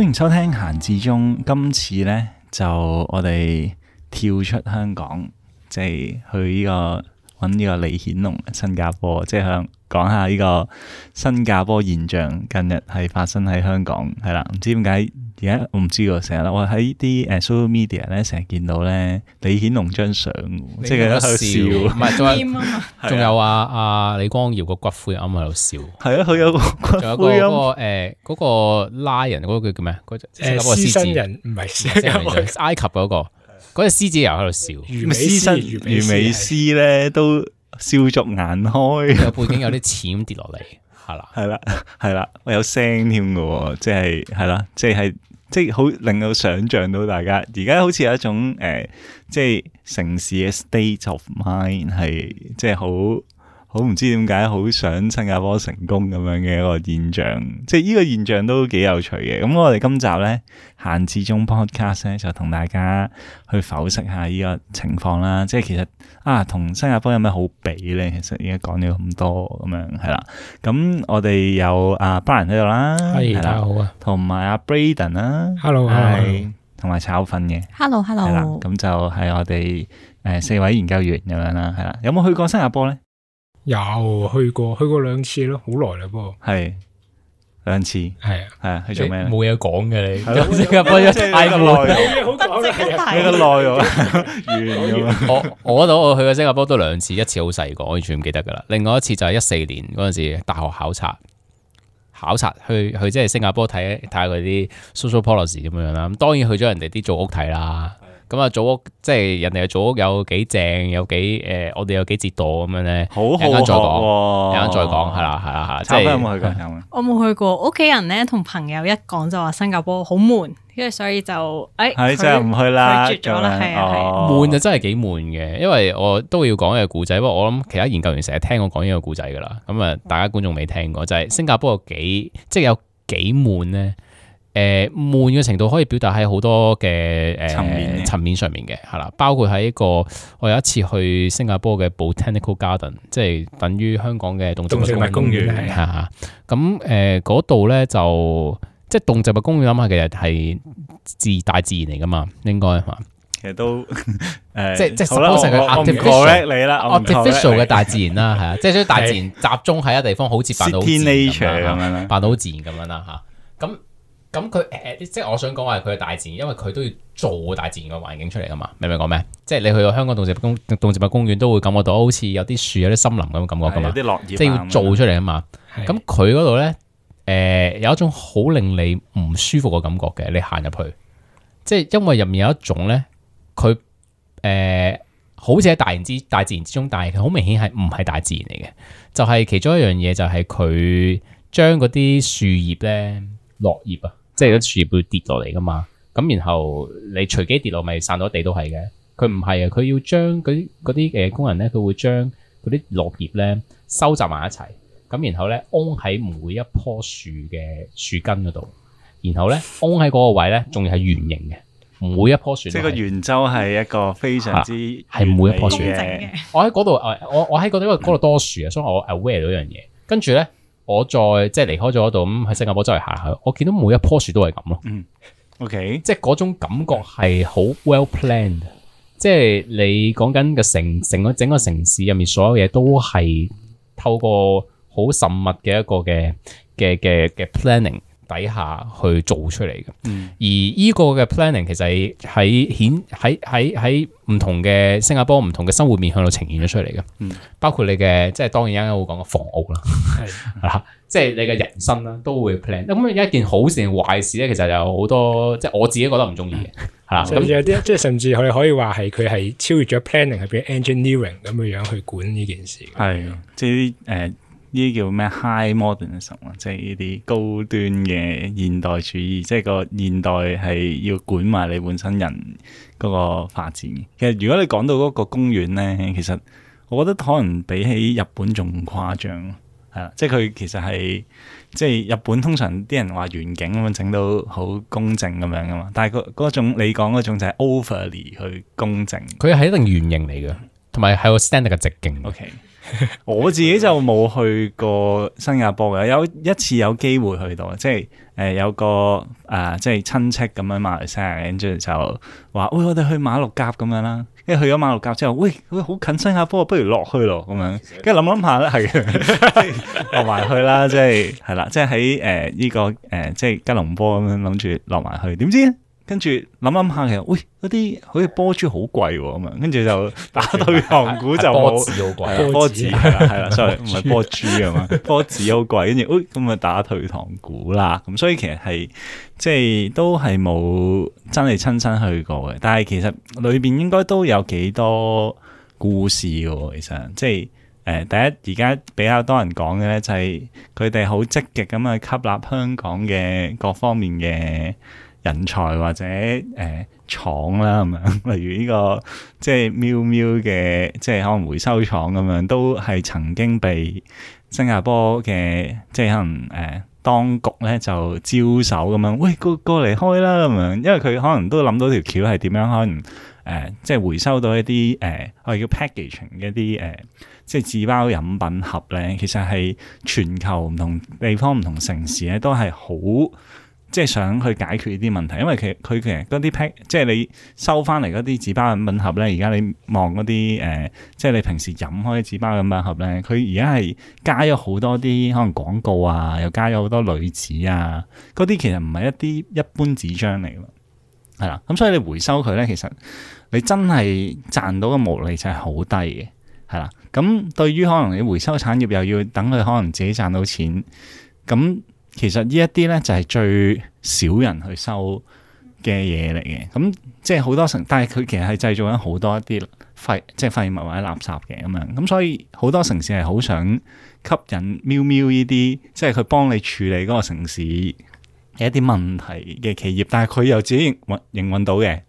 歡迎收聽閒之中，今次呢，就我哋跳出香港，即係去呢、呢個。揾呢個李顯龍新加坡，即係講下呢個新加坡現象，近日係發生喺香港係啦，唔知點解而家我唔知喎，成日我喺啲誒 social media 咧，成日見到咧李顯龍張相，即係佢喺度笑，唔係仲啊仲有啊阿、啊、李光耀個骨灰盎喺度笑，係啊佢有骨灰盎，誒、嗰個拉人嗰個叫咩？嗰、嗰個獅人唔係獅子，呃、子 埃及嗰個、嗰個。嗰隻獅子又喺度笑，獅身， 魚尾獅咧都笑逐顏開， 有背景有啲錢跌落嚟，係 啦， 係啦，係啦，我有聲添㗎，即係，係啦，即係，即係好令我想像到大家而家好似有一種誒，即係城市嘅 state of mind 係即係好。就是好唔知點解好想新加坡成功咁樣嘅一個現象，即係呢個現象都幾有趣嘅。咁我哋今集咧，限之中 Podcast 咧就同大家去剖析下呢個情況啦。即係其實啊，同新加坡有咩好比咧？其實而家講咗咁多咁樣係啦。咁我哋有阿 Brian 喺度啦，係以啦，好啊。同埋阿 Braden 啦，Hello，係，同埋炒粉嘅，Hello，Hello，係啦。咁 Hello, hello. 就係我哋誒四位研究員咁樣啦，係啦。有冇去過新加坡咧？有去過去過兩次咯，好耐啦噃，係兩次，係啊係啊，是去做咩？冇嘢講嘅你，新加坡一挨耐，好嘢好值得睇，挨耐我，完咗。我我到我去過新加坡都兩次，一次好細個，完全唔記得噶啦。另外一次就係一四年嗰陣時大學考察，考察去去即係新加坡睇睇下嗰啲 social policy 咁樣啦。咁當然去咗人哋啲做屋睇啦。咁啊，組屋即係人哋嘅組屋有幾正，有幾誒，我哋有幾折墮咁樣咧。好，好，好。等陣再講，等陣再講，係啦，係啦，係。我冇去過，我冇去過。屋企人咧同朋友一講就話新加坡好悶，跟住所以就誒，係真係唔去啦，就係啊，悶就真係幾悶嘅。因為我都要講一個故仔，不過我諗其他研究員成日聽我講呢個故仔噶啦。咁啊，大家觀眾未聽過就係新加坡有幾即係有幾悶咧。誒悶嘅程度可以表達喺好多嘅誒層面層面上面嘅，係啦，包括喺一個我有一次去新加坡嘅 Botanical Garden，即係等於香港嘅動植物公園，咁誒嗰度咧就即係動植物公園，諗下其實係自大自然嚟㗎嘛，應該係嘛。其實都誒，即即係 perfect 你啦，perfect 嘅大自然啦，係啊，即係啲大自然集中喺一地方，好似扮到自然咁樣啦，扮到好自然咁樣啦嚇，咁。咁佢誒，即係我想講話佢係大自然，因為佢都要做大自然嘅環境出嚟噶嘛，明唔明講咩？即係你去到香港動植物公、動植物公園都會感覺到好似有啲樹、有啲森林咁嘅感覺噶嘛，啲落葉，即係要做出嚟啊嘛。咁佢嗰度咧誒，有一種好令你唔舒服嘅感覺嘅，你行入去，即係因為入面有一種咧，佢誒、呃、好似喺大自然之大自然之中，但係佢好明顯係唔係大自然嚟嘅，就係、是、其中一樣嘢就係佢將嗰啲樹葉咧落葉啊。即係啲樹葉會跌落嚟噶嘛？咁然後你隨機跌落咪散到地都係嘅。佢唔係啊，佢要將嗰啲啲誒工人咧，佢會將嗰啲落葉咧收集埋一齊。咁然後咧，安喺每一棵樹嘅樹根嗰度。然後咧，安喺嗰個位咧，仲要係圓形嘅。每一棵樹。即係個圓周係一個非常之係每一棵樹嘅。我喺嗰度，我我喺嗰度，因為嗰度多樹啊，嗯、所以我 aware 到一樣嘢。跟住咧。我再即係離開咗嗰度，咁、嗯、喺新加坡周圍行下，我見到每一棵樹都係咁咯。嗯，OK，即係嗰種感覺係好 well planned，即係你講緊嘅城成個整個城市入面所有嘢都係透過好縝密嘅一個嘅嘅嘅嘅 planning。底下去做出嚟嘅，而依個嘅 planning 其實喺顯喺喺喺唔同嘅新加坡唔同嘅生活面向度呈現咗出嚟嘅，嗯、包括你嘅即係當然啱啱我講嘅房屋啦，係是的 即係你嘅人生啦，都會 plan。咁咁有一件好事定壞事咧，其實就有好多即係我自己覺得唔中意嘅，係啦。 咁有啲即係甚至佢可以話係佢係超越咗 planning，係畀 engineering 咁嘅樣去管呢件事。係即係啲誒。呃呢啲叫咩？High Modernism 啊，即係呢啲高端嘅現代主義，即係個現代係要管埋你本身人嗰個發展。其實如果你講到嗰個公園咧，其實我覺得可能比起日本仲誇張，係啦，即係佢其實係即係日本通常啲人話園景咁樣整到好公正咁樣噶嘛，但係個嗰種你講嗰種就係 overly 去公正，佢係一定圓形嚟嘅，同埋係個 standard 嘅直徑。OK。 我自己就冇去過新加坡嘅，有一次有機會去到，即係誒、呃、有個誒、呃、即係親戚咁樣馬來西亞，跟住就話喂，我哋去馬六甲咁樣啦，跟住去咗馬六甲之後，喂喂，好近新加坡，不如落去咯咁樣，跟住諗諗下咧，係 是的 落埋去啦，即係係啦，即係喺誒呢個誒、呃、即係吉隆坡咁樣諗住落埋去，點知？跟住諗諗下，其實喂嗰啲好似波珠好貴㗎嘛，跟住就打退堂鼓就好波子好貴，波子係啦，所以唔係波珠啊嘛，波子好貴，跟住，喂，咁啊打退堂鼓啦，咁所以其實係即係都係冇真係親身去過嘅，但係其實裏邊應該都有幾多故事嘅，其實即係誒第一而家比較多人講嘅咧，就係佢哋好積極咁去吸納香港嘅各方面嘅。人才或者誒廠啦咁樣，呃、 例如呢、這個即係喵喵嘅，即係可能回收廠咁樣，都係曾經被新加坡嘅即係可能誒、呃、當局咧就招手咁樣，喂過過嚟開啦咁樣，因為佢可能都諗到條橋係點樣，可能誒即係回收到一啲誒、呃、我哋叫 packaging 嘅一啲誒、呃、即係紙包飲品盒咧，其實係全球唔同地方唔同城市咧都係好。即係想去解決呢啲問題，因為佢佢其實嗰啲 pack，即係你收翻嚟嗰啲紙包嘅飲品盒咧，而家你望嗰啲誒，即係你平時飲開嘅紙包嘅飲品盒咧，佢而家係加咗好多啲可能廣告啊，又加咗好多鋁紙啊，嗰啲其實唔係一啲一般紙張嚟㗎，係啦。咁所以你回收佢咧，其實你真係賺到嘅毛利就係好低嘅，係啦。咁對於可能你回收產業又要等佢可能自己賺到錢，咁。其實呢一啲咧就係、是、最少人去收嘅嘢嚟嘅，咁即係好多城，但係佢其實係製造緊好多一啲廢即係、就是、廢物或者垃圾嘅咁樣，咁、嗯、所以好多城市係好想吸引喵喵呢啲，即係佢幫你處理嗰個城市嘅一啲問題嘅企業，但係佢又自己營運營運到嘅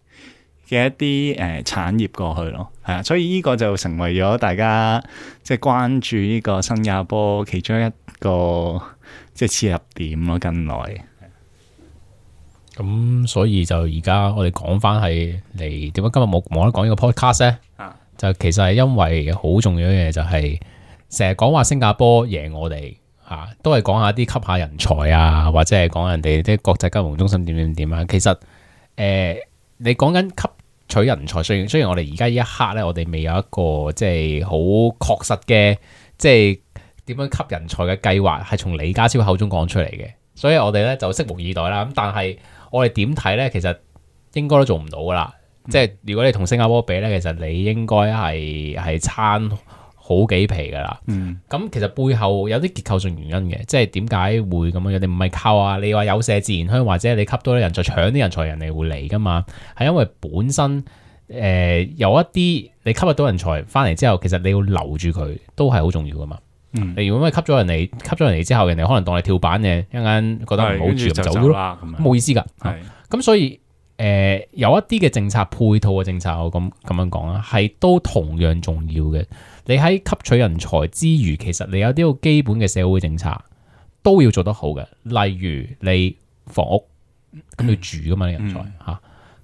嘅一啲誒、呃、產業過去咯，係啊，所以呢個就成為咗大家即係、就是、關注呢個新加坡其中一個。即係切入點咯，近來、嗯。咁所以就而家我哋講翻係嚟點解今日冇冇得講呢個 podcast 咧？啊、就其實係因為好重要嘅嘢、就是，就係成日講話新加坡贏我哋吓、啊，都係講下啲吸下人才啊，或者係講人哋啲國際金融中心點點點啊。其實誒、呃，你講緊吸取人才，雖然雖然我哋而家呢一刻咧，我哋未有一個即係好確實嘅即係。就是點樣吸人才嘅計劃係從李家超口中講出嚟嘅，所以我哋咧就拭目以待啦。咁但係我哋點睇咧？其實應該都做唔到噶啦。嗯、即係如果你同新加坡比咧，其實你應該係係差好幾皮噶啦。咁、嗯、其實背後有啲結構性原因嘅，即係點解會咁樣？你唔係靠啊？你話有麝自然香或者你吸多啲人才搶啲人才人哋會嚟噶嘛？係因為本身誒、呃、有一啲你吸得到人才翻嚟之後，其實你要留住佢都係好重要噶嘛。你如果咪吸咗人哋，吸咗人哋之後，人哋可能當你跳板嘅，一陣間覺得唔好住唔走咯，咁冇走這樣 意思噶。係對，咁所以誒、呃，有一啲嘅政策配套嘅政策，我咁咁樣講啊，係都同樣重要嘅。你喺吸取人才之餘，其實你有啲個基本嘅社會政策都要做得好嘅。例如你房屋咁要住噶嘛，人才吓。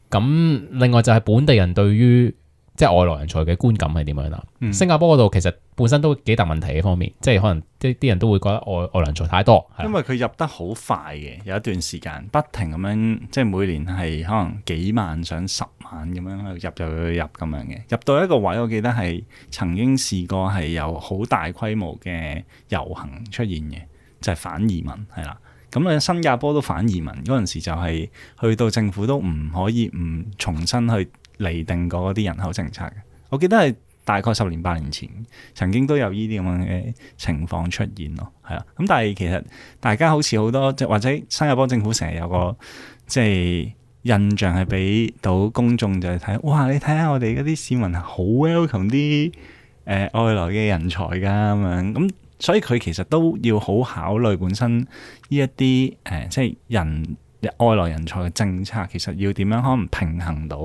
咁 另外就係本地人對於。即係外來人才嘅觀感係點樣啦？嗯、新加坡嗰度其實本身都幾大問題嘅方面，即係可能啲啲人都會覺得外外來人才太多。因為佢入得好快嘅，有一段時間不停咁樣，即係每年係可能幾萬上十萬咁樣入，又要入咁樣嘅。入到一個位，我記得係曾經試過係有好大規模嘅遊行出現嘅，就係、係、反移民係啦。咁新加坡都反移民嗰陣時，就係去到政府都唔可以唔重新去嚟定過嗰啲人口政策嘅，我記得係大概十年八年前曾經都有呢啲咁樣嘅情況出現咯，係啊。咁但係其實大家好似好多即或者新加坡政府成日有個即係印象係俾到公眾就係睇哇，你睇下我哋一啲市民係好 welcome 啲誒外來嘅人才㗎咁樣，咁、嗯、所以佢其實都要好考慮本身呢一啲誒即係人外來人才嘅政策，其實要點樣可能平衡到。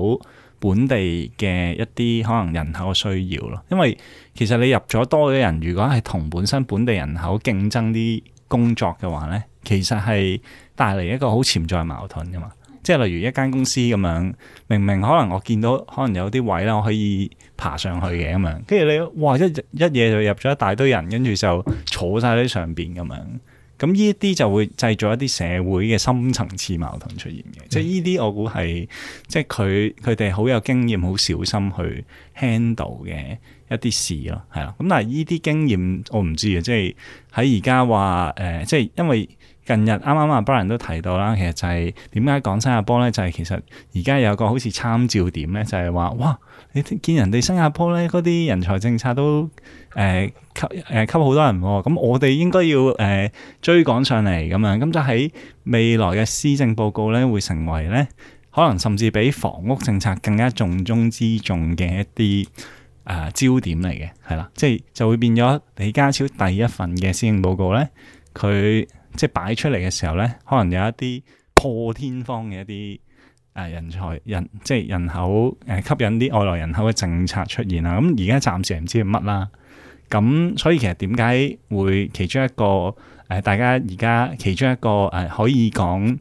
本地嘅一啲可能人口嘅需要咯，因為其實你入咗多嘅人，如果係同本身本地人口競爭啲工作嘅話咧，其實，係帶嚟一個好潛在矛盾嘅嘛。即係例如一間公司咁樣，明明可能我見到可能有啲位咧，我可以爬上去嘅，咁樣，跟住你哇一一夜就入咗一大堆人，跟住就坐晒喺上邊咁樣。咁呢一啲就會製造一啲社會嘅深層次矛盾出現嘅 Yeah.，即係呢啲我估係即係佢佢哋好有經驗、好小心去 handle 嘅一啲事咯，係啦。咁但係呢啲經驗我唔知啊，即係喺而家話誒，即係因為。近日啱啱阿布朗都提到啦，其實就係點解講新加坡咧，就係、是、其實而家有個好似參照點咧，就係話：「哇，你見人哋新加坡咧嗰啲人才政策都誒、呃、吸誒吸好多人、哦，咁、嗯、我哋應該要誒、呃、追趕上嚟咁樣，咁、嗯、就喺、是、未來嘅施政報告咧，會成為咧可能甚至比房屋政策更加重中之重嘅一啲誒、呃、焦點嚟嘅，係啦，即、就、係、是、就會變咗李家超第一份嘅施政報告咧，佢即係擺出嚟嘅時候咧，可能有一啲破天荒嘅一啲誒、呃、人才人，即係人口誒、呃、吸引啲外來人口嘅政策出現啦。咁而家暫時唔知係乜啦。咁、嗯、所以其實點解會其中一個誒、呃、大家而家其中一個誒、呃、可以講，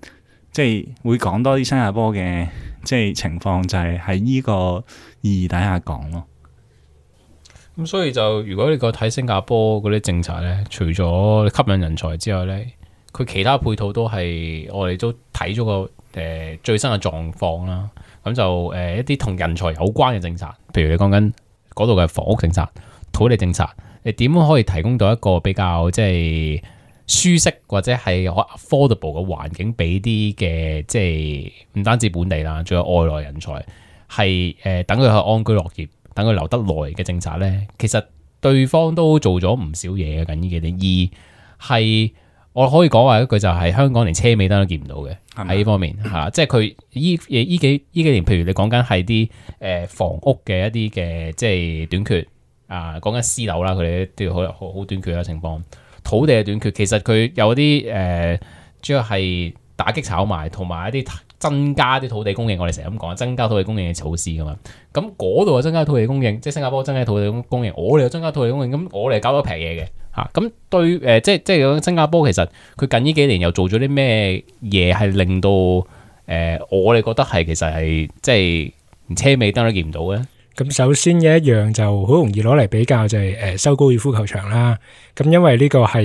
即係會講多啲新加坡嘅即係情況，就係喺呢個意義底下講咯、哦。咁、嗯、所以就如果你個睇新加坡嗰啲政策咧，除咗吸引人才之外咧。佢其他配套都係我哋都睇咗個誒、呃、最新嘅狀況啦。咁就誒、呃、一啲同人才有關嘅政策，譬如你講緊嗰度嘅房屋政策、土地政策，你點樣可以提供到一個比較即係舒適或者係可 affordable 嘅環境，俾啲嘅即係唔單止本地啦，仲有外來人才係誒等佢去安居樂業，等佢留得耐嘅政策咧。其實對方都做咗唔少嘢嘅、啊，緊呢幾點二係。我可以講話一句就係香港連車尾燈都見唔到嘅，喺呢方面嚇，即係佢呢幾呢幾年，譬如你講緊係啲誒房屋嘅一啲嘅即係短缺啊，講緊私樓啦，佢哋都好好短缺嘅情況，土地嘅短缺，其實佢有啲誒、呃、主要係打擊炒賣同埋一啲。增加啲土地供應，我哋成日咁講，增加土地供應嘅措施㗎嘛。咁嗰度又增加土地供應，即係新加坡增加土地供供應，我哋又增加土地供應，咁我哋搞到平嘢嘅嚇，咁、啊、對誒、呃，即係即係新加坡其實佢近呢幾年又做咗啲咩嘢係令到誒、呃、我哋覺得係其實係即係車尾燈都見唔到嘅。咁首先嘅一樣就好容易攞嚟比較就係誒，收高爾夫球場啦，咁因為呢個係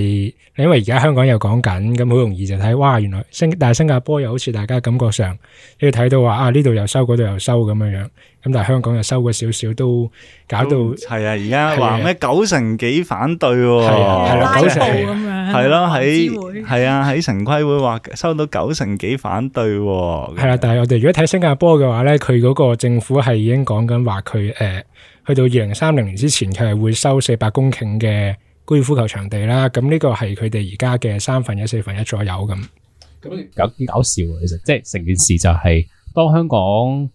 因為而家香港又講緊，咁好容易就睇，哇原來星，但係新加坡又好似大家感覺上你要睇到話啊，呢度又收嗰度又收咁樣樣。咁但係香港又收過少少，都搞到係啊！而家話咩九成幾反對，係啦，九成咁樣，係咯喺係啊喺城規會話收到九成幾反對，啊，係啦、啊。但係我哋如果睇新加坡嘅話咧，佢嗰個政府係已經講緊話佢誒，去、呃、到二零三零年之前，佢係會收四百公頃嘅高爾夫球場地啦。咁呢個係佢哋而家嘅三分一四分一左右咁。咁搞搞笑啊！其實即係成件事就係當香港。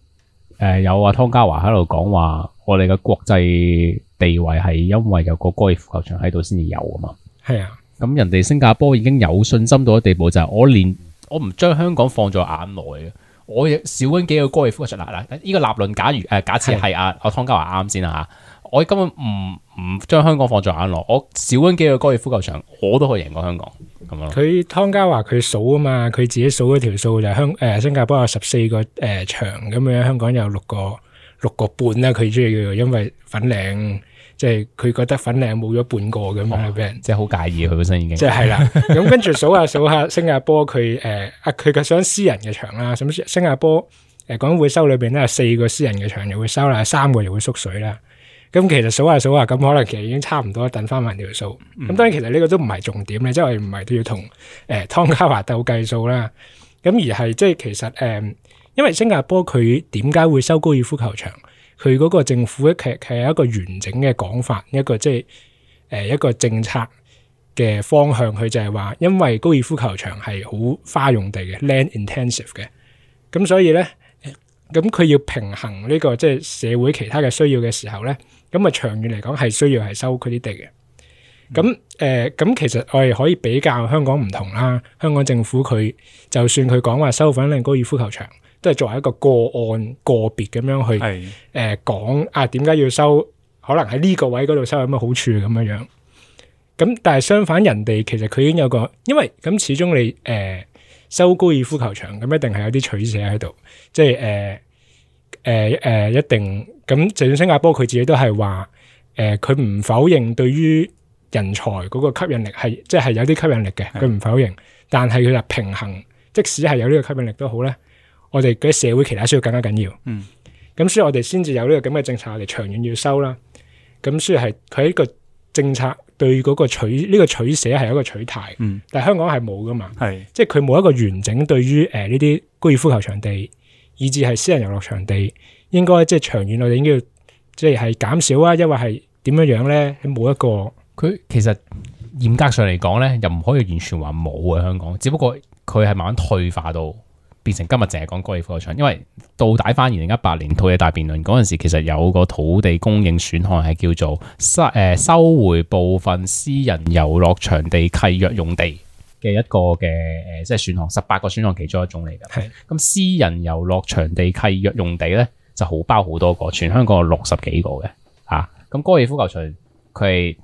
誒、呃，有啊，湯家驊喺度講話，我哋嘅國際地位係因為有個高爾夫球場喺度先至有啊嘛。係啊，咁、嗯、人哋新加坡已經有信心到一地步，就係我連、嗯、我唔將香港放在眼內嘅，我亦少揾幾個高爾夫球場。嗱嗱，呢個立論，假如誒，假設係啊，阿湯家驊啱先啦吓，我根本唔唔將香港放在眼內，我少揾幾個高爾夫球場，我都可以贏過香港。佢湯家驊佢數啊嘛，佢自己數嗰條數就香誒、呃、新加坡有十四個誒場咁樣，香港有六個六個半啦。佢中意嘅，因為粉嶺即係佢覺得粉嶺冇咗半個咁樣俾、哦、人，即係好介意佢本身已經。即係係啦，咁跟住數，一數一下數下、呃，新加坡佢誒啊佢嘅想私人嘅場啦，咁新加坡誒講會收裏邊咧有四個私人嘅場，又會收啦，三個又會縮水啦。咁其實數下數下，咁可能其實已經差唔多等翻埋條數。咁、嗯、當然其實呢個都唔係重點咧，即係我哋唔係都要同誒、呃、湯家驊鬥計數啦。咁、嗯、而係即係其實誒、呃，因為新加坡佢點解會收高爾夫球場？佢嗰個政府其實係有一個完整嘅講法，一個即係誒、呃、一個政策嘅方向。佢就係話，因為高爾夫球場係好花用地嘅 land intensive 嘅，咁所以咧。咁佢要平衡呢、這個即係、就是、社會其他嘅需要嘅時候呢。咁啊長遠嚟講係需要係收佢啲地嘅。咁誒、嗯、咁、呃、其實我哋可以比較香港唔同啦。香港政府佢就算佢講話收粉嶺高爾夫球場，都係作為一個個案、個別咁樣去誒講是、呃、啊，點解要收？可能喺呢個位嗰度收有乜好處咁樣樣。咁但係相反人，人哋其實佢已經有個，因為咁始終你誒、呃、收高爾夫球場咁一定係有啲取捨喺度，即係誒。呃誒誒、呃，一定咁，就算新加坡佢自己都係話，誒、呃，佢唔否認對於人才嗰個吸引力係，即、就、係、是、有啲吸引力嘅，佢唔是的 否認。但係佢就平衡，即使係有呢個吸引力都好咧，我哋嘅社會其他需要更加緊要。嗯，咁所以我哋先至有呢個咁嘅政策，我哋長遠要收啦。咁所以係佢喺個政策對嗰個取呢、這個取捨係一個取態，嗯、但係香港係冇㗎嘛，係是的 即係佢冇一個完整對於誒呢啲高爾夫球場地。以至係私人遊樂場地，應該即係長遠我哋，應該要即係減少啊！因為係點樣樣咧，冇一個佢其實嚴格上嚟講咧，又唔可以完全話冇嘅香港，只不過佢係慢慢退化到變成今日淨係講高爾夫球場。因為倒帶翻二零一八年土地大辯論嗰陣時，其實有個土地供應選項係叫做收誒收回部分私人遊樂場地契約用地。嘅一個嘅誒，即係選項，十八個選項其中一種嚟㗎。咁的私人遊樂場地契約用地咧，就好包好多個，全香港有六十幾個嘅。啊，咁高爾夫球場佢誒、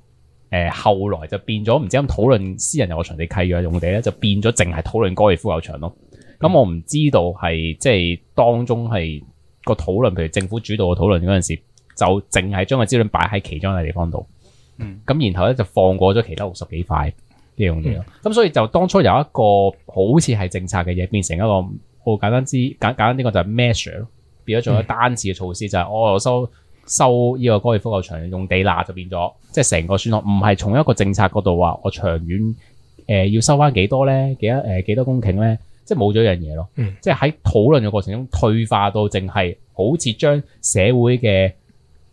呃、後來就變咗，唔知點討論私人遊樂場地契約用地咧，就變咗淨係討論高爾夫球場咯。咁、嗯、我唔知道係即係當中係個討論，譬如政府主導嘅討論嗰陣時，就淨係將個資料擺喺其中嘅地方度。嗯，咁然後咧就放過咗其他六十幾塊嘅用地，咁所以就當初由一個好似係政策嘅嘢，變成一個好簡單之簡簡單啲講就係 measure，變咗做咗單次嘅措施，嗯、就係、是哦、我收收呢個高爾夫球場用地啦，就變咗即係成個選項，唔係從一個政策嗰度話我長遠誒、呃、要收翻幾多咧，幾、呃、多誒幾多公頃咧，即係冇咗一樣嘢咯，即係喺討論嘅過程中退化到淨係好似將社會嘅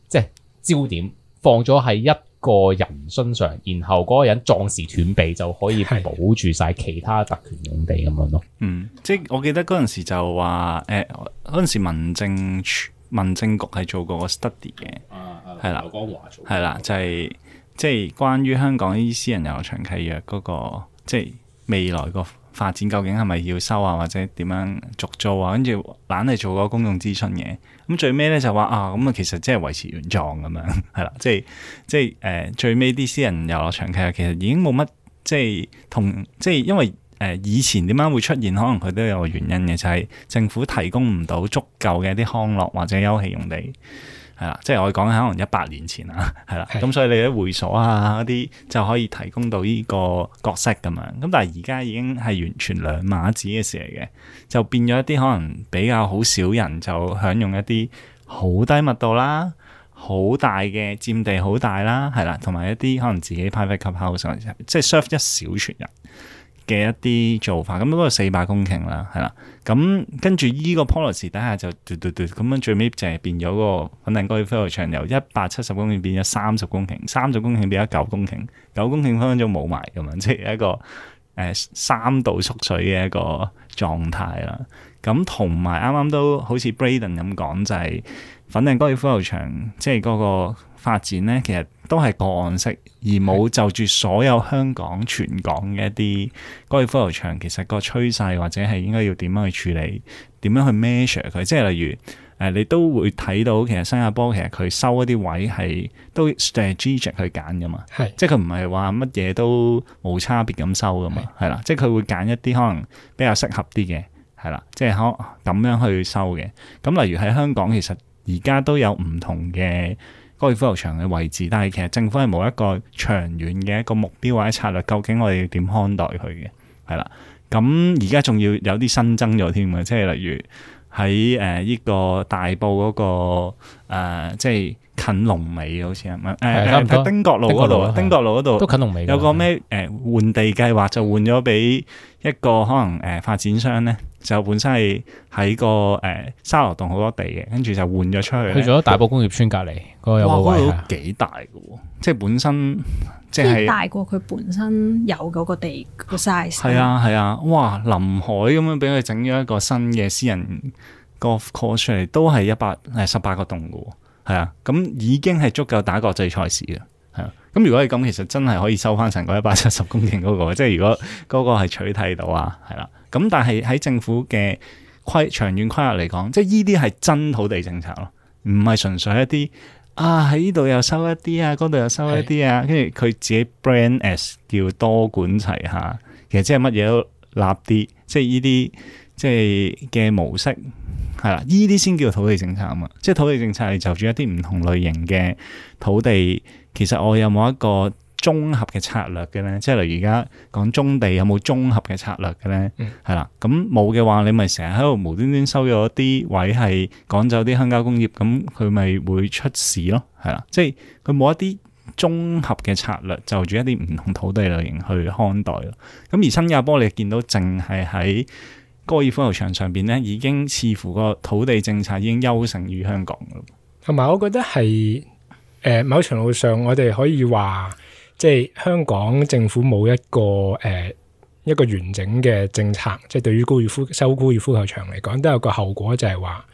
即係焦點放咗係一。個人身上，然後嗰個人壯士斷臂就可以保住晒其他特權用地咁樣咯。嗯，即係我記得嗰陣時就話，誒嗰陣時民政民政局係做過個 study 嘅，係啦，係啦，就係即係關於香港呢啲私人遊樂場契約嗰、那個，即、就、係、是、未來個。發展究竟係咪要收啊，或者點樣續租啊？跟住懶係做個公共諮詢嘅，咁最尾咧就話啊，咁啊其實即係維持原狀咁樣，係 啦，即係即係誒、呃、最尾啲私人遊樂場其實其實已經冇乜，即係同即係因為誒、呃、以前點解會出現，可能佢都有個原因嘅，就係、是、政府提供唔到足夠嘅一啲康樂或者休憩用地。係啦，即係我哋講緊可能一百年前啦，係啦，咁的所以你啲會所啊嗰啲就可以提供到呢個角色咁樣，咁但係而家已經係完全兩碼子嘅事嚟嘅，就變咗一啲可能比較好少人就享用一啲好低密度啦、好大嘅佔地好大啦，係啦，同埋一啲可能自己 private clubhouse 即係 serve 一小撮人嘅一啲做法，咁都係四百公頃啦，係啦。咁跟住依個 policy 底下就嘟嘟嘟咁樣，最尾就係變咗個粉嶺高爾夫球場由、就是、一百七十公頃變咗三十公頃，三十公頃變咗九公頃，九公頃分分鐘冇埋咁樣，即係一個誒三度縮水嘅一個狀態啦。咁同埋啱啱都好似 Braden 咁講，就係、是、粉嶺高爾夫球場即係嗰個。發展咧，其實都係個案式，而冇就住所有香港全港嘅一啲高爾夫球場，其實個趨勢或者係應該要點樣去處理，點樣去 measure 佢？即係例如誒、呃，你都會睇到其實新加坡其實佢收一啲位係都 strategic 去揀嘅嘛，係是即係佢唔係話乜嘢都冇差別咁收嘅嘛，係啦是，即係佢會揀一啲可能比較適合啲嘅係啦，即係可咁樣去收嘅。咁例如喺香港，其實而家都有唔同嘅。高爾夫球場嘅位置，但係其實政府係冇一個長遠嘅一個目標或者策略，究竟我哋點看待佢嘅？係啦，咁而家仲要有啲新增咗添嘅，即係例如喺誒呢個大埔嗰個誒、呃，即係近龍尾好似係咪？誒、呃，喺丁角路嗰度，丁角路嗰度，都近龍尾有個咩誒換地計劃，就換咗俾一個可能誒發展商咧。就本身係喺個誒、呃、沙螺洞好多地嘅，跟住就換咗出去。去咗大埔工業村隔籬嗰個有冇哇，幾大嘅，嗯、即係本身即係大過佢本身有嗰個地 size。係、那個、啊係啊，哇！臨海咁樣俾佢整咗一個新嘅私人 golf course 出嚟，都係一百誒十八個洞嘅，係啊。咁、嗯、已經係足夠打國際賽事嘅，係啊。咁、嗯、如果係咁，其實真係可以收翻成個一百七十公頃嗰、那個， 即係如果嗰個係取替到啊，係啦。咁但係喺政府嘅規長遠規劃嚟講，即係呢啲係真土地政策咯，唔係純粹一啲啊喺呢度又收一啲啊，嗰度又收一啲啊，跟住佢自己 brand as 叫多管齊下，其實即係乜嘢都立啲，即係呢啲即係嘅模式係啦，呢啲先叫土地政策啊嘛，即係土地政策係就住一啲唔同類型嘅土地，其實我有冇一個綜合嘅策略嘅咧，即係例如而家講中地有冇綜合嘅策略嘅咧？係啦、嗯，咁冇嘅話，你咪成日喺度無端端收咗啲位，係趕走啲鄉郊工業，咁佢咪會出事咯，係啦，即係佢冇一啲綜合嘅策略，就住、是、一啲唔同土地類型去看待咯。咁而新加坡你見到淨係喺高爾夫球場上邊咧，已經似乎個土地政策已經優勝於香港。同埋我覺得係誒、呃、某程度上，我哋可以話。即係香港政府冇一個誒、呃、一個完整嘅政策，即係對於高爾夫收高爾夫球場嚟講，都有個後果就係話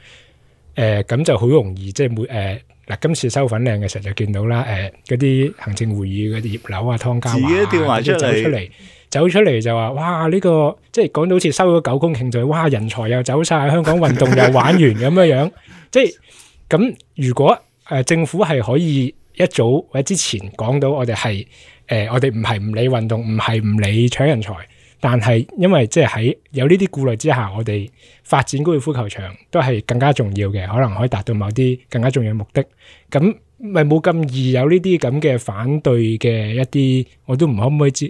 誒，咁就好容易即係冇誒，嗱，今次收粉嶺嘅時候就見到啦，誒嗰啲行政會議啲葉劉啊湯家驊自己出嚟走出嚟就話哇呢、這個即係講到好似收咗九公頃就哇人才又走晒香港運動又玩完咁嘅 樣，即係咁如果誒、呃、政府係可以。一早或者之前講到我、呃，我哋係誒，我哋唔係唔理運動，唔係唔理搶人才，但係因為即係喺有呢啲顧慮之下，我哋發展高爾夫球場都係更加重要嘅，可能可以達到某啲更加重要嘅目的。咁咪冇咁易有呢啲咁嘅反對嘅一啲，我都唔可唔可以知，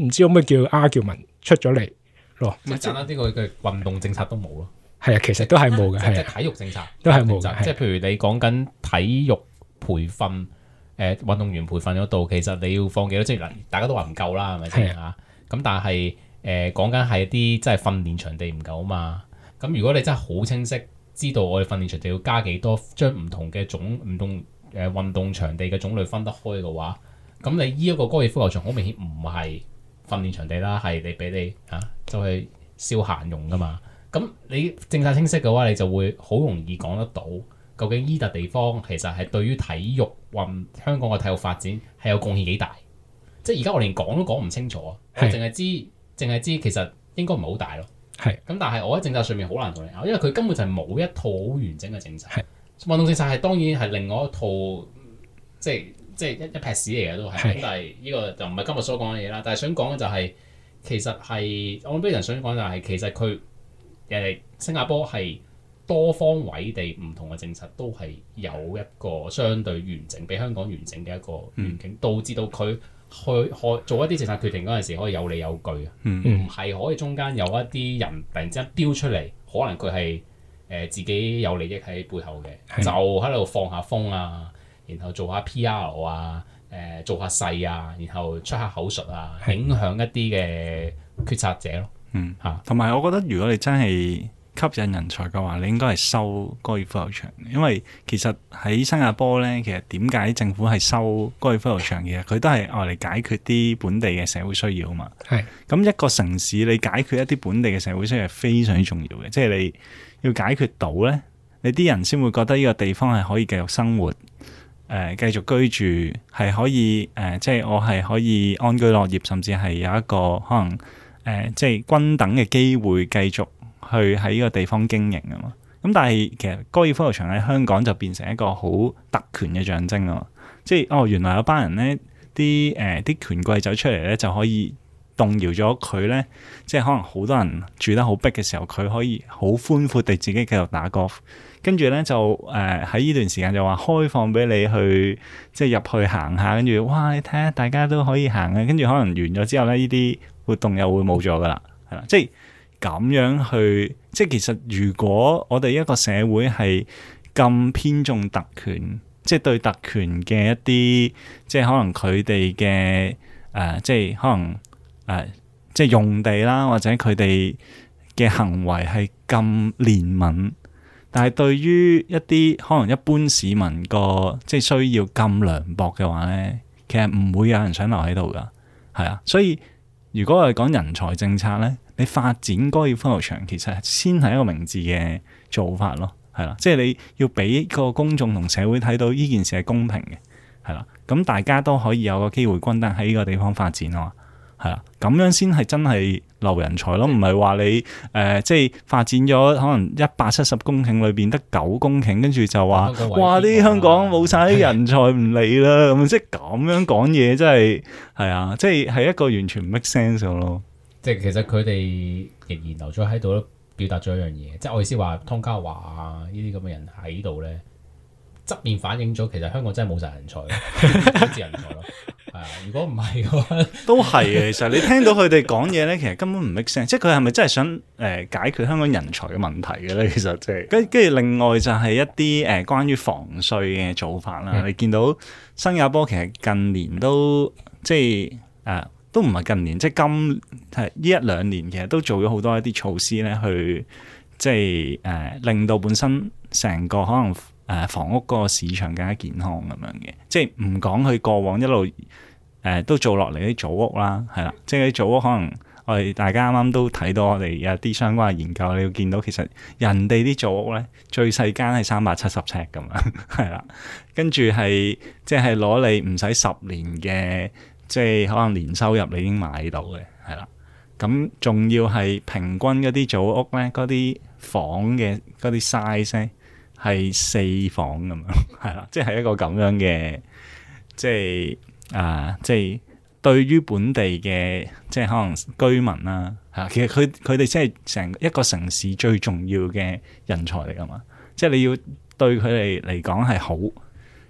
唔知可唔可以叫阿叫 argument 出咗嚟咯？咪爭一啲嘅運動政策都冇咯。係即啊，其實都係冇嘅，係即體育政策都係冇，即係譬如你講緊體育。培訓誒、呃、運動員培訓嗰度，其實你要放幾多？即係嗱，大家都話唔夠啦，係咪先吓？咁、嗯、但係誒講緊係一啲即係訓練場地唔夠啊嘛。咁、嗯、如果你真係好清晰知道我哋訓練場地要加幾多，將唔同嘅種運動誒、呃、運動場地嘅種類分得開嘅話，咁、嗯嗯嗯、你呢一個高爾夫球場好明顯唔係訓練場地啦，係你俾你啊，就係、是、消閒用㗎嘛。咁、嗯、你政策清晰嘅話，你就會好容易講得到。究竟伊特依笪地方其實係對於體育運香港嘅體育發展係有貢獻幾大？即係而家我連講都講唔清楚啊！係淨係知，淨係知其實應該唔係好大咯。係咁，但係我喺政策上面好難同你講，因為佢根本就係冇一套好完整嘅政策。係是的 運動政策係當然係另外一套，即係即係一一撇屎嚟嘅都係是的。但係呢個就唔係今日所講嘅嘢啦。但係想講嘅就係，其實係我非常想講就係其實佢誒新加坡係。多方位地唔同嘅政策都係有一個相對完整，比香港完整嘅一個願景，嗯、導致到佢去開做一啲政策決定嗰陣時，可以有理有據啊，唔係、嗯、可以中間有一啲人突然之間飈出嚟，可能佢係誒自己有利益喺背後嘅，的就喺度放下風啊，然後做下 P.R. 啊，誒、呃、做下勢啊，然後出下口述啊，的影響一啲嘅決策者咯。嗯，嚇、嗯，同埋我覺得如果你真係，吸引人才嘅話，你應該係收高爾夫球場，因為其實喺新加坡咧，其實點解政府係收高爾夫球場嘅？佢都係愛嚟解決啲本地嘅社會需要啊嘛。係，咁是一個城市，你解決一啲本地嘅社會需要，係非常之重要嘅。即係你要解決到咧，你啲人先會覺得呢個地方係可以繼續生活，誒、呃、繼續居住，係可以誒、呃、即係我係可以安居樂業，甚至係有一個可能誒、呃、即係均等嘅機會繼續。去喺呢個地方經營啊嘛，咁、嗯、但係其實高爾夫球場喺香港就變成一個好特權嘅象徵啊嘛，即係哦，原來有班人咧，啲誒啲權貴走出嚟咧就可以動搖咗佢咧，即係可能好多人住得好逼嘅時候，佢可以好寬闊地自己繼續打 golf，跟住咧就誒喺呢段時間就話開放俾你去即係入去行下，跟住哇你睇下大家都可以行嘅，啊，跟住可能完咗之後咧呢啲活動又會冇咗噶啦，係啦，即係。嗯，即咁樣去，即係其實如果我哋一個社會係咁偏重特權，即係對特權嘅一啲，即係可能佢哋嘅誒，即係可能誒、呃，即係用地啦，或者佢哋嘅行為係咁憐憫，但係對於一啲可能一般市民個即係需要咁涼薄嘅話咧，其實唔會有人想留喺度噶，係啊，所以如果我哋講人才政策咧，你發展該要分流場，其實先係一個明智嘅做法咯，係啦，即係你要俾個公眾同社會睇到呢件事係公平嘅，係啦，咁大家都可以有個機會均等喺呢個地方發展啊嘛，係啦，咁樣先係真係留人才咯，唔係話你誒、呃、即係發展咗可能一百七十公頃裏邊得九公頃，跟住就話、啊、哇啲香港冇晒啲人才唔理啦咁，即係咁樣講嘢真係係啊，即係係一個完全唔 make sense 咯。即係其實佢哋仍然留咗喺度，表達咗一樣嘢。即係我意思話，湯家驊啊，呢啲咁嘅人喺度咧，側面反映咗其實香港真係冇晒人才，冇資 人才咯。係啊，如果唔係嘅話，都係嘅。其實 你聽到佢哋講嘢咧，其實根本唔 make sense。即係佢係咪真係想誒、呃、解決香港人才嘅問題嘅咧？其實即係跟跟住另外就係一啲誒、呃、關於房稅嘅做法啦。 你見到新加坡其實近年都即係誒。啊都唔係近年，即係今係呢一兩年，其實都做咗好多一啲措施咧，去即係誒、呃、令到本身成個可能誒、呃、房屋個市場更加健康咁樣嘅。即係唔講佢過往一路誒、呃、都做落嚟啲組屋啦，係啦，即係啲組屋可能我哋大家啱啱都睇到我哋有啲相關嘅研究，你會見到其實人哋啲組屋咧，最細間係三百七十尺咁樣，係啦，跟住係即係攞你唔使十年嘅。即係可能年收入你已經買到嘅，係啦。咁仲要係平均嗰啲組屋咧，嗰啲房嘅嗰啲 size 係四房咁樣，係啦，即係一個咁樣嘅，即係啊，即係對於本地嘅即係可能居民啦嚇。其實佢佢哋即係成一個城市最重要嘅人才嚟噶嘛。即係你要對佢哋嚟講係好，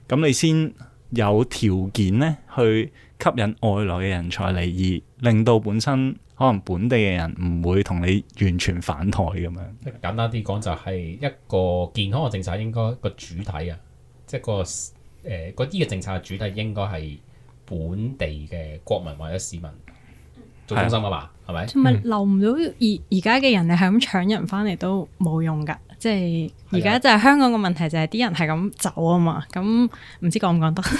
咁你先有條件咧去。吸引外來嘅人才嚟，而令到本身可能本地嘅人唔會同你完全反台咁樣。簡單啲講，就係一個健康嘅政策，應該個主體啊，嗯、即係、嗰個誒啲嘅政策嘅主體應該係本地嘅國民或者市民做中心啊嘛，係咪吧？唔係、嗯、留唔到而而家嘅人係咁搶人翻嚟都冇用㗎，即係而家就係香港嘅問題就係啲人係咁走啊嘛，咁唔、啊、知講唔講得？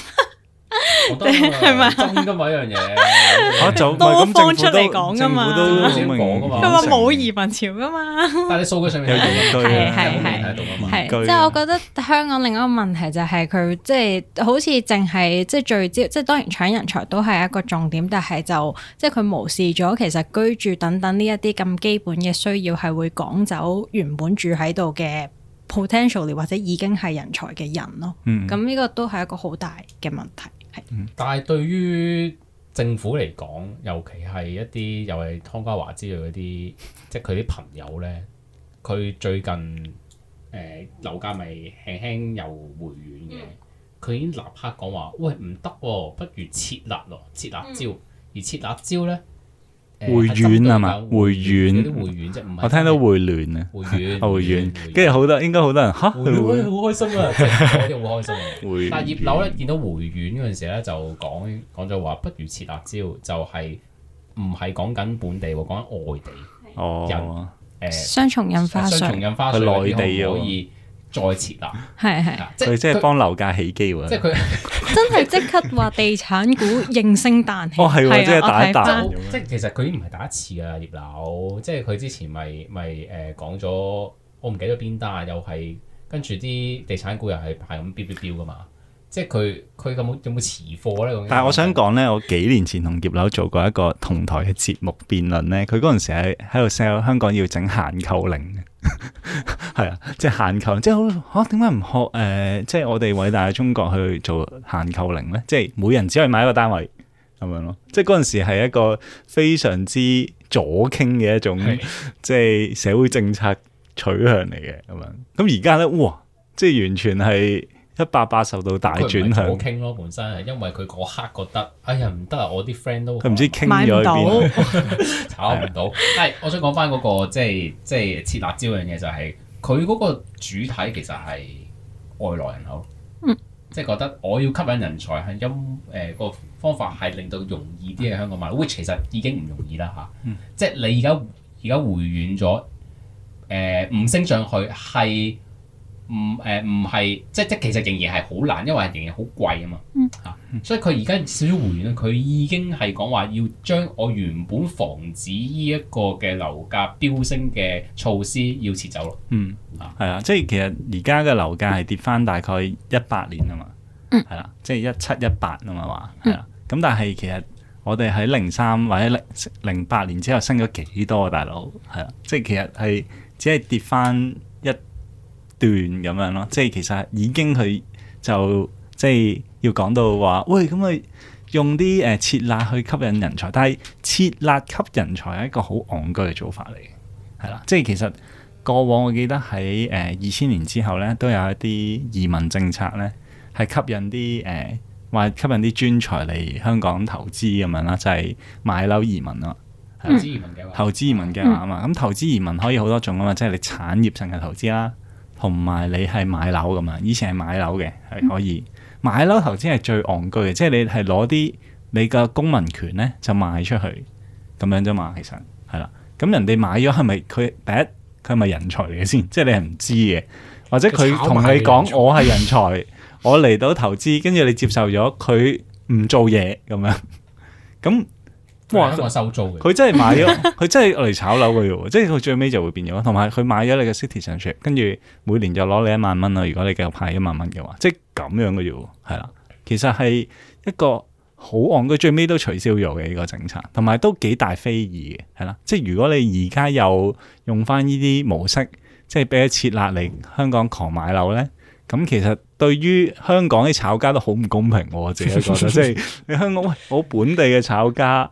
係咪？資金係一樣嘢，多方出嚟講噶嘛。佢話冇移民潮噶嘛。但你數據上面有依據，係係係。即係我覺得香港另一個問題就係佢即係好似淨係即係聚焦，即係當然搶人才都係一個重點，但係就即係佢無視咗其實居住等等呢一啲咁基本嘅需要，係會趕走原本住喺度嘅 potential 或者已經係人才嘅人咯。咁呢個都係一個好大嘅問題。嗯、但係對於政府嚟講，尤其係一啲又係湯家驊之類嗰啲，即係佢啲朋友咧，佢最近誒樓價咪輕輕又回軟嘅，佢已經立刻講話，喂，唔得、哦，不如撤辣咯、哦，撤辣椒。而撤辣椒咧。回軟係嘛？回軟，啲回軟啫，唔係我聽到回暖啊？回軟，回軟，跟住好多，應該好多人吓，回軟可以好開心啊，啲好開心啊。但係葉劉咧見到回軟嗰陣時咧，就講講咗話不如撤辣招，就係唔係講緊本地，講緊外地哦。人誒，雙重印花，雙重印花，佢內地可以。再遲啦，係係是，佢、啊、即係他幫樓價起機喎，他即係佢 真係即刻話地產股應聲彈起， 哦係、啊啊、即係打一打我就即係其實佢唔係打一次啊！葉劉，即係佢之前咪咪誒講咗，我唔記得咗邊單，又係跟住啲地產股又係係咁彪彪彪噶嘛，即係佢佢咁有冇持貨咧？但係我想講咧，我幾年前同葉劉做過一個同台嘅節目辯論咧，佢嗰陣時喺喺度 sell 香港要整限購令。係 啊，即係限購，即係好吓，點解唔學誒、呃？即係我哋偉大嘅中國去做限購令咧，即係每人只可以買一個單位咁樣咯。即係嗰陣時係一個非常之左傾嘅一種，是即係社會政策取向嚟嘅咁樣。咁而家咧，哇，即係完全係，一百八十度大轉向，好傾咯，本身係因為佢嗰刻覺得，哎呀唔得啊！我啲 friend 都，佢唔知傾咗去邊，炒唔到。係 到， 我想講翻嗰個即係即係撤辣嗰樣嘢，就係佢嗰個主體其實係外來人口，即係、嗯、覺得我要吸引人才係咁誒個方法係令到容易啲嘅香港買，which、嗯、其實已經唔容易啦嚇。即、啊、係、嗯、你而家而家回軟咗，誒、呃、唔升上去係。唔誒唔係，即即其實仍然係好難，因為仍然好貴啊嘛。嗯、啊，所以佢而家少少回軟佢已經係講話要將我原本防止呢一個嘅樓價飆升嘅措施要撤走咯。嗯，啊，係啊、嗯，即係其實而家嘅樓價係跌翻大概一八年啊嘛。嗯，係啦，即係一七一八啊嘛話，係啦。咁但係其實我哋喺零三或者零零八年之後升咗幾多啊大佬？係啦，即係其實係只係跌翻一段咁樣咯，即係其實已經佢就即係要講到話，喂咁佢用啲誒、呃、切辣去吸引人才，但係切辣吸引人才係一個好戇居嘅做法嚟，係啦。即係其實過往我記得喺誒二千年之後咧，都有一啲移民政策咧，係吸引啲誒，話吸引啲專才嚟香港投資咁樣啦，就係、是、買樓移民咯。嗯、投資移民計劃，嗯、投資移民啊嘛，咁、嗯嗯、投資移民可以好多種啊嘛，即係你產業性嘅投資啦。同埋你係買樓咁啊，以前係買樓嘅係可以、嗯，買樓頭先係最戇居嘅，即係你係攞啲你嘅公民權咧就賣出去咁樣啫嘛，其實係啦，咁人哋買咗係咪佢第一佢係咪人才嚟嘅先？即係你係唔知嘅，或者佢同你講我係人才，我嚟到投資，跟住你接受咗，佢唔做嘢咁樣咁。哇！咁我收租嘅，佢真係買咗，佢真係嚟炒樓嘅喎， 即係佢最尾就會變咗。同埋佢買咗你嘅 citizenship，跟住每年就攞你一萬蚊啦。如果你繼續派一萬蚊嘅話，即係咁樣嘅啫，係啦。其實係一個好戇嘅，最尾都取消咗嘅呢個政策，同埋都幾大非議嘅，係啦。即係如果你而家又用翻呢啲模式，即係俾一切激嚟香港狂買樓咧，咁其實對於香港啲炒家都好唔公平啊。我自己覺得，即係 你香港好本地嘅炒家。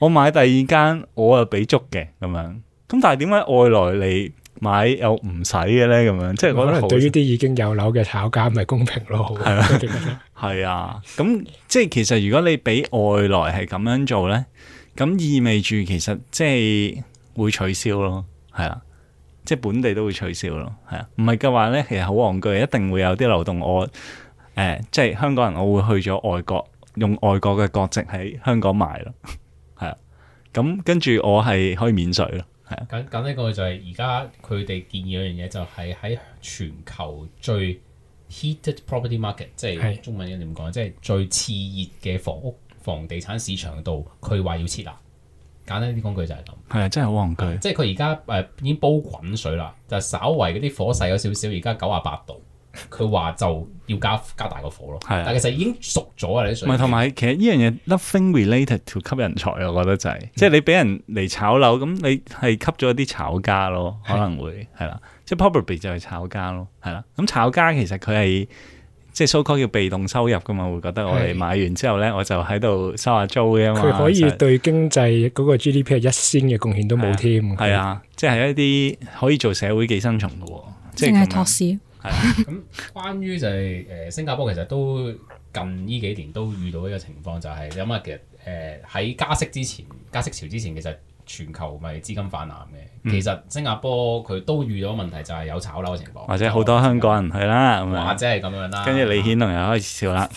我買第二間，我又俾足嘅咁樣，咁但係點解外來嚟買又唔使嘅咧？咁樣即係可能對於啲已經有樓嘅炒家，咪公平咯？係嗎 啊，係啊，咁即係其實如果你俾外來係咁樣做咧，咁意味住其實即係會取消咯，係啊，即係本地都會取消咯，係啊，唔係嘅話咧，其實好戇居，一定會有啲流動我誒、呃，即係香港人我會去咗外國用外國嘅國籍喺香港買咯。咁跟住我係可以免稅咯，係啊。咁簡單一個就係而家佢哋建議樣嘢，就係喺全球最 heated property market，即係的中文嘅點講，即係最炙熱嘅房屋房地產市場度，佢話要設立簡單啲工具就係咁。係啊，真係好旺句。即係佢而家誒已經煲滾水啦，就稍為嗰啲火細咗少少，而家九啊八度。佢話就要加加大個火咯，係，但其實已經熟咗啊你水。唔係，同埋其實呢樣嘢 nothing related to 吸人才，我覺得就係，即係你俾人嚟炒樓，咁你係吸咗一啲炒家咯，可能會係啦，即係 probably 就係炒家咯，係啦。咁炒家其實佢係即係 so called 叫被動收入噶嘛，會覺得我哋買完之後咧，我就喺度收下租嘅嘛。佢可以對經濟嗰個 GDP 係一仙嘅貢獻都冇添，係啊，即係一啲可以做社會寄生蟲噶，淨係托市。係啊，咁 關於就係、是、誒、呃、新加坡，其實都近呢幾年都遇到一個情況、就是，就係咁啊。其實誒喺、呃、加息之前、加息潮之前，其實全球咪資金泛濫嘅。其實新加坡佢都遇到問題，就係有炒樓嘅情況，或者好多香港人係啦，況或者係咁樣啦、啊。跟住李顯龍又開始笑啦，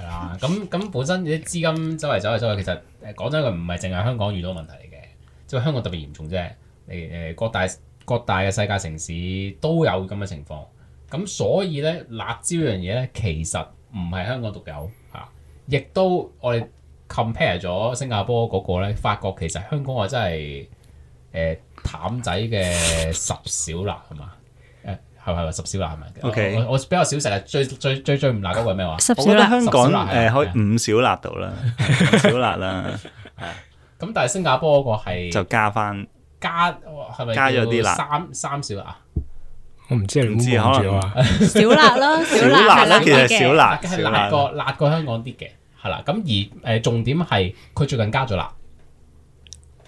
係啦、啊。咁咁、 啊、本身啲資金周圍走嚟走去，其實誒講真，佢唔係淨係香港遇到問題嚟嘅，即、就、係、是、香港特別嚴重啫。誒誒，各大各大嘅世界城市都，都有咁嘅情況。咁所以咧，辣椒樣嘢咧，其實唔係香港獨有嚇，亦、啊、都我哋 compare 咗新加坡嗰個咧，發覺其實香港我真係誒、呃、淡仔嘅十小辣係嘛？誒係係話十小辣係咪？是是 Okay. 我我比較少食啊，最最最最唔辣嗰個係咩話？我覺得香港誒、呃、可以五小辣度啦， 是是五小辣啦。咁 但係新加坡嗰個係就加翻加係咪加咗啲辣三？三三小辣。我唔知，你唔知可能 小辣啦，小辣，辣其嘅，小辣嘅係辣，辣過，小辣，辣，過辣過香港啲嘅，係啦。咁而誒、呃、重點係佢最近加咗辣，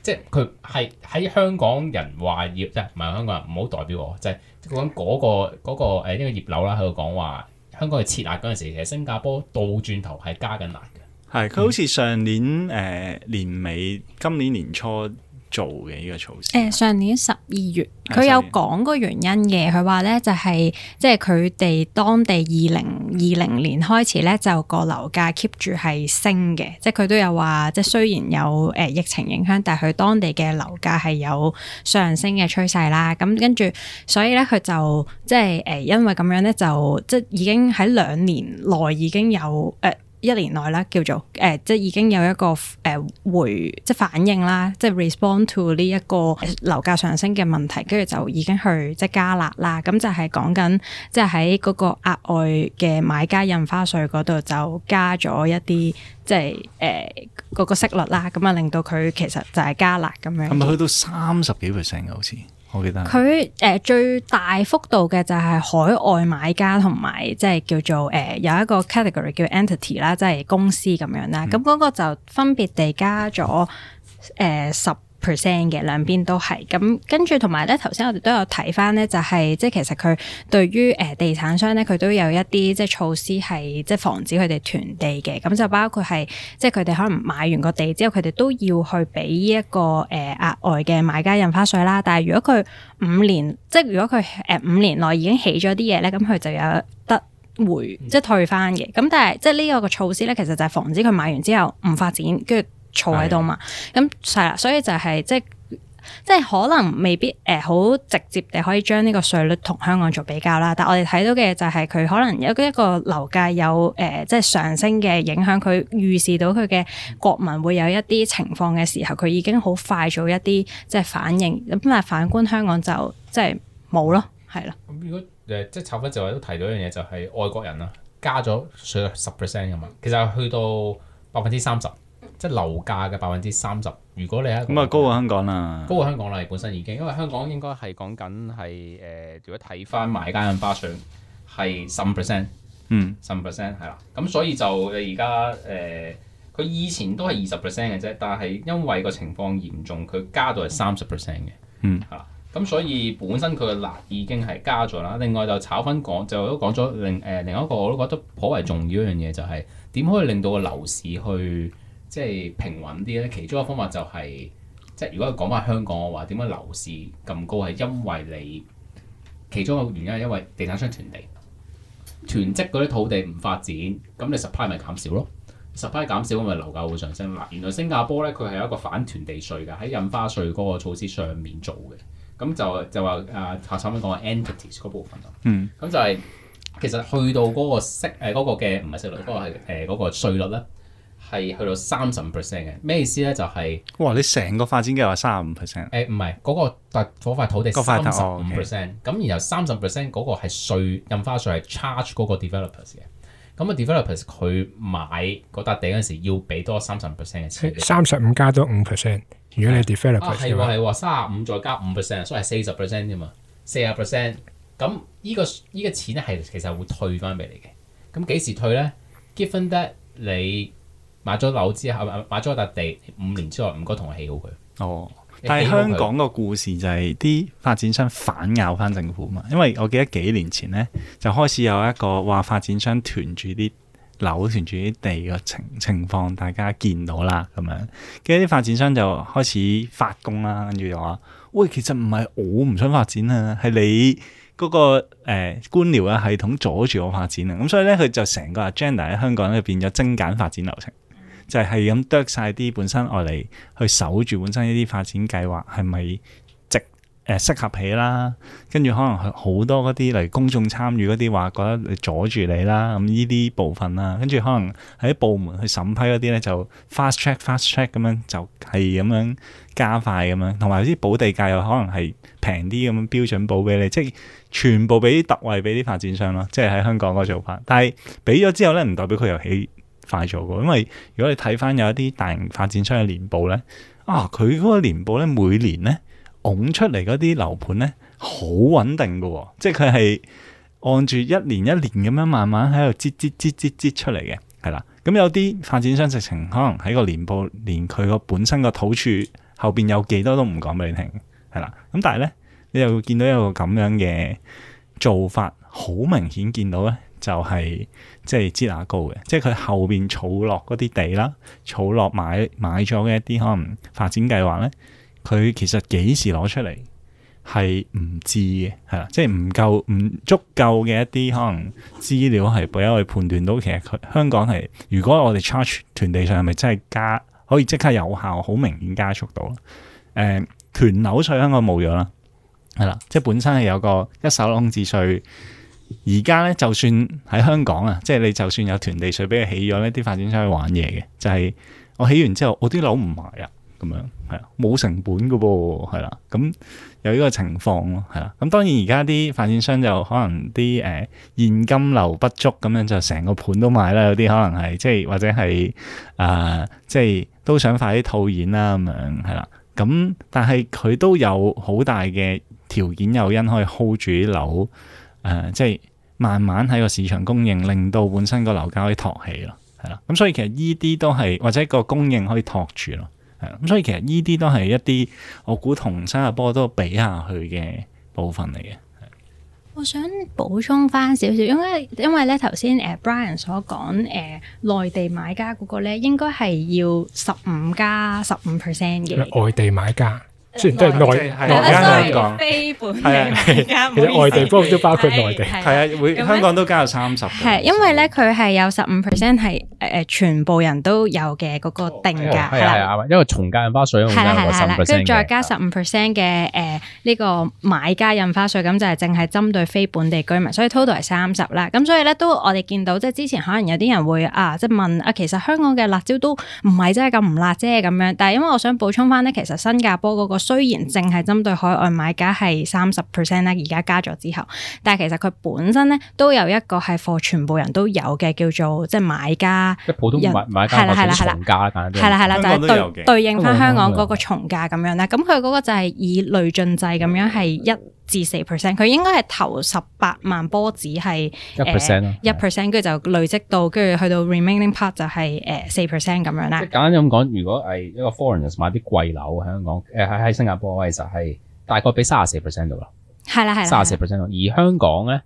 即係佢係喺香港人話要即係唔係香港人唔好代表我，就係講嗰個嗰、那個誒呢、那個、呃、葉劉啦喺度講話，香港係撤辣嗰陣時，其實新加坡倒轉頭係加緊辣嘅。係佢的、嗯、好似上年誒、呃、年尾，今年年初。做嘅呢、這個措施，誒、呃、上年十二月佢有講個原因嘅，佢話咧就係、是、即係佢哋當地二零二零年開始咧就個樓價 keep 住係升嘅，即係佢都有話，即係雖然有誒、呃、疫情影響，但係佢當地嘅樓價係有上升嘅趨勢啦。咁、嗯、跟住，所以咧佢就即係誒、呃、因為咁樣咧就即係已經喺兩年內已經有誒。呃一年內啦，叫做誒、呃，即係已經有一個誒回、呃、即係反應啦，即係 respond to 呢一個樓價上升嘅問題，跟住就已經去即係加辣啦。咁就係講緊即係喺嗰個額外嘅買家印花稅嗰度就加咗一啲即係誒嗰個息率啦。咁啊令到佢其實就係加辣咁樣。係咪去到三十幾 percent 啊？好似。我記得佢誒、呃、最大幅度嘅就係海外買家同埋即係叫做誒、呃、有一個 category 叫 entity 啦，即係公司咁樣啦，咁嗰、嗯、個就分別地加咗誒十。呃 percent 嘅兩邊都係咁，跟住同埋咧，頭先我哋都有睇翻咧，就係、是、即係其實佢對於誒、呃、地產商咧，佢都有一啲即係措施係即係防止佢哋囤地嘅。咁就包括係即係佢哋可能買完個地之後，佢哋都要去俾呢一個誒額外嘅買家印花稅啦。但係如果佢五年，即係如果佢誒五年內已經起咗啲嘢咧，咁佢就有得回即係退翻嘅。咁但係即係呢一個措施咧，其實就係防止佢買完之後唔發展跟住。儲喺度嘛，咁係啦，所以就係、是、即係即係可能未必誒好、呃、直接地可以將呢個稅率同香港做比較啦，但係我哋睇到嘅就係佢可能有個一個樓價有誒、呃、即係上升嘅影響，佢預示到佢嘅國民會有一啲情況嘅時候，佢已經好快做一啲即係反應。咁但係反觀香港就即係冇咯，係啦。咁、嗯、如果誒、呃、即係炒忽就話都提到一樣嘢，就係、是、外國人啦，加咗稅率十 percent 咁嘛。其實去到百分之三十。即係樓價嘅百分之三十，如果你係咁啊，高過香港啦，高過香港啦，本身已經，因為香港應該係講緊係誒，如果睇翻買家嘅巴水係十 percent，嗯，十 percent 係啦，咁所以就你而家誒，佢、呃、以前都係二十 percent 嘅啫，但係因為個情況嚴重，佢加到係三十 percent 嘅，嗯，係啦，咁所以本身佢嘅辣已經係加咗啦，另外就炒翻講，就都講咗另誒、呃、另一個我都覺得頗為重要一樣嘢，就是，就係點可以令到個樓市去。即係平穩啲咧，其中一個方法就係，即係如果講翻香港嘅話，點解樓市咁高係因為你其中一個原因係因為地產商囤地、囤積嗰啲土地唔發展，咁你 supply 咪減少咯？supply 減少咁咪樓價會上升啦。原來新加坡咧佢係有一個反囤地稅嘅喺印花稅嗰個措施上面做嘅，咁就就話啊夏生你講 entities 嗰部分咯，嗯，咁就係其實去到嗰個息誒嗰個嘅唔係息率，嗰個係誒嗰個稅率咧。係去到三十五 percent 嘅，咩意思咧？就係哇，你成個發展計劃三十五 percent。誒唔係嗰個，但嗰塊土地三十五 percent。咁然後三十五 percent 嗰個係稅印花稅係 charge 嗰個 developers 嘅。咁啊，developers 佢買嗰笪地嗰陣時要俾多三十五 percent 嘅錢。三十五加咗五 percent，如果你 developers 係係三十五再加五 percent，所以係四十 percent 啫嘛。四啊 percent。咁呢個呢個錢咧係其實會退翻俾你嘅。咁幾時退咧？Given that 你買咗樓之後，買咗笪地五年之內唔該同我起好佢。哦，但係香港個故事就係、是、啲發展商反咬翻政府嘛，因為我記得幾年前咧就開始有一個話發展商囤住啲樓囤住啲地嘅情情況，大家見到啦咁樣，跟住啲發展商就開始發功啦，跟住就話喂，其實唔係我唔想發展啊，係你嗰、那個誒、呃、官僚嘅系統阻住我發展啊，咁所以咧佢就成個 agenda 喺香港咧變咗精簡發展流程。就係咁啄晒啲本身外嚟去守住本身呢啲發展計劃，係咪值誒適合起啦？跟住可能好多嗰啲嚟公眾參與嗰啲話覺得阻住你啦，咁呢啲部分啦，跟住可能喺部門去審批嗰啲咧就 fast track fast track 咁樣就係咁樣加快咁樣，同埋有啲補地價又可能係平啲咁樣標準補俾你，即係全部俾特惠俾啲發展商咯，即係喺香港個做法。但係俾咗之後咧，唔代表佢又起。快做過，因為如果你睇翻有一啲大型發展商嘅年報咧，啊，佢嗰個年報咧每年咧，拱出嚟嗰啲樓盤咧，好穩定嘅、哦，即係佢係按住一年一年咁樣慢慢喺度擠擠擠擠擠擠擠出嚟嘅，係啦。咁有啲發展商直情可能喺個年報連佢個本身個土處後邊有幾多都唔講俾你聽，係啦。咁但係咧，你又會見到一個咁樣嘅做法，好明顯見到咧。就係、是、即係支那高嘅，即係佢後邊儲落嗰啲地啦，儲落買買咗嘅一啲可能發展計劃咧，佢其實幾時攞出嚟係唔知嘅，係啦，即係唔夠唔足夠嘅一啲可能資料係，俾我哋判斷到其實香港係如果我哋 charge 囤地上係咪真係加，可以即刻有效好明顯加速到啦，誒、呃，囤樓稅香港冇咗啦，係啦，即係本身係有一個一手空置稅。而家咧，就算喺香港啊，即、就、係、是、你就算有團地稅俾佢起咗呢啲發展商去玩嘢嘅，就係、是、我起完之後，我啲樓唔賣啊，咁樣係啊，冇成本嘅噃，係啦，咁有呢個情況咯，係啦，咁當然而家啲發展商就可能啲誒、呃、現金流不足咁樣，就成個盤都賣啦，有啲可能係即係或者係啊、呃，即係都想快啲套現啦、啊，咁樣係啦，咁但係佢都有好大嘅條件誘因可以 hold 住啲樓。誒、呃，即係慢慢喺個市場供應，令到本身個樓價可以托起咯，係啦。咁、嗯、所以其實依啲都係，或者個供應可以托住咯，係。咁、嗯、所以其實依啲都係一啲，我估同新加坡都比下去嘅部分嚟嘅。係。我想補充翻少少，因為因為咧頭先誒 Brian 所講誒、呃，內地買家嗰個咧，應該係要十五加十五 percent 嘅外地買家。即係內 okay, 內間嚟講，係啊內，其實外地方都包括內地，係啊，會香港都加到三十。係因為咧，佢係有十五 percent 係誒全部人都有嘅嗰、那個定價，係、哦哦、的因為重價印花稅跟住再加十五 percent 嘅誒呢個買家印花稅，咁就係淨係針對非本地居民，所以 total 係三十啦。咁所以咧，都我哋見到即係之前可能有啲人會啊，即係問啊，其實香港嘅辣招都唔係真係咁唔辣啫咁樣。但係因為我想補充翻咧，其實新加坡嗰個雖然淨係針對海外買家係三十 percent 咧，而家加咗之後，但係其實佢本身咧都有一個係 for 全部人都有嘅，叫做即係買家，即係普通買家買家或者從價，但係係啦係啦，就對對應翻香港嗰個從價咁樣咧，咁佢嗰個就係以累進制咁樣係一。至四 percent，佢應該係頭十八萬波子係一 percent 咯，一 percent，跟住就累積到，跟住去到 remaining part 就係誒四 percent 咁樣啦。即係簡單咁講，如果係一個 foreigners 買啲貴樓喺香港，誒喺喺新加坡，其實係大概俾三十四 percent 到啦。係啦，係啦，三十四 percent 咯。而香港咧，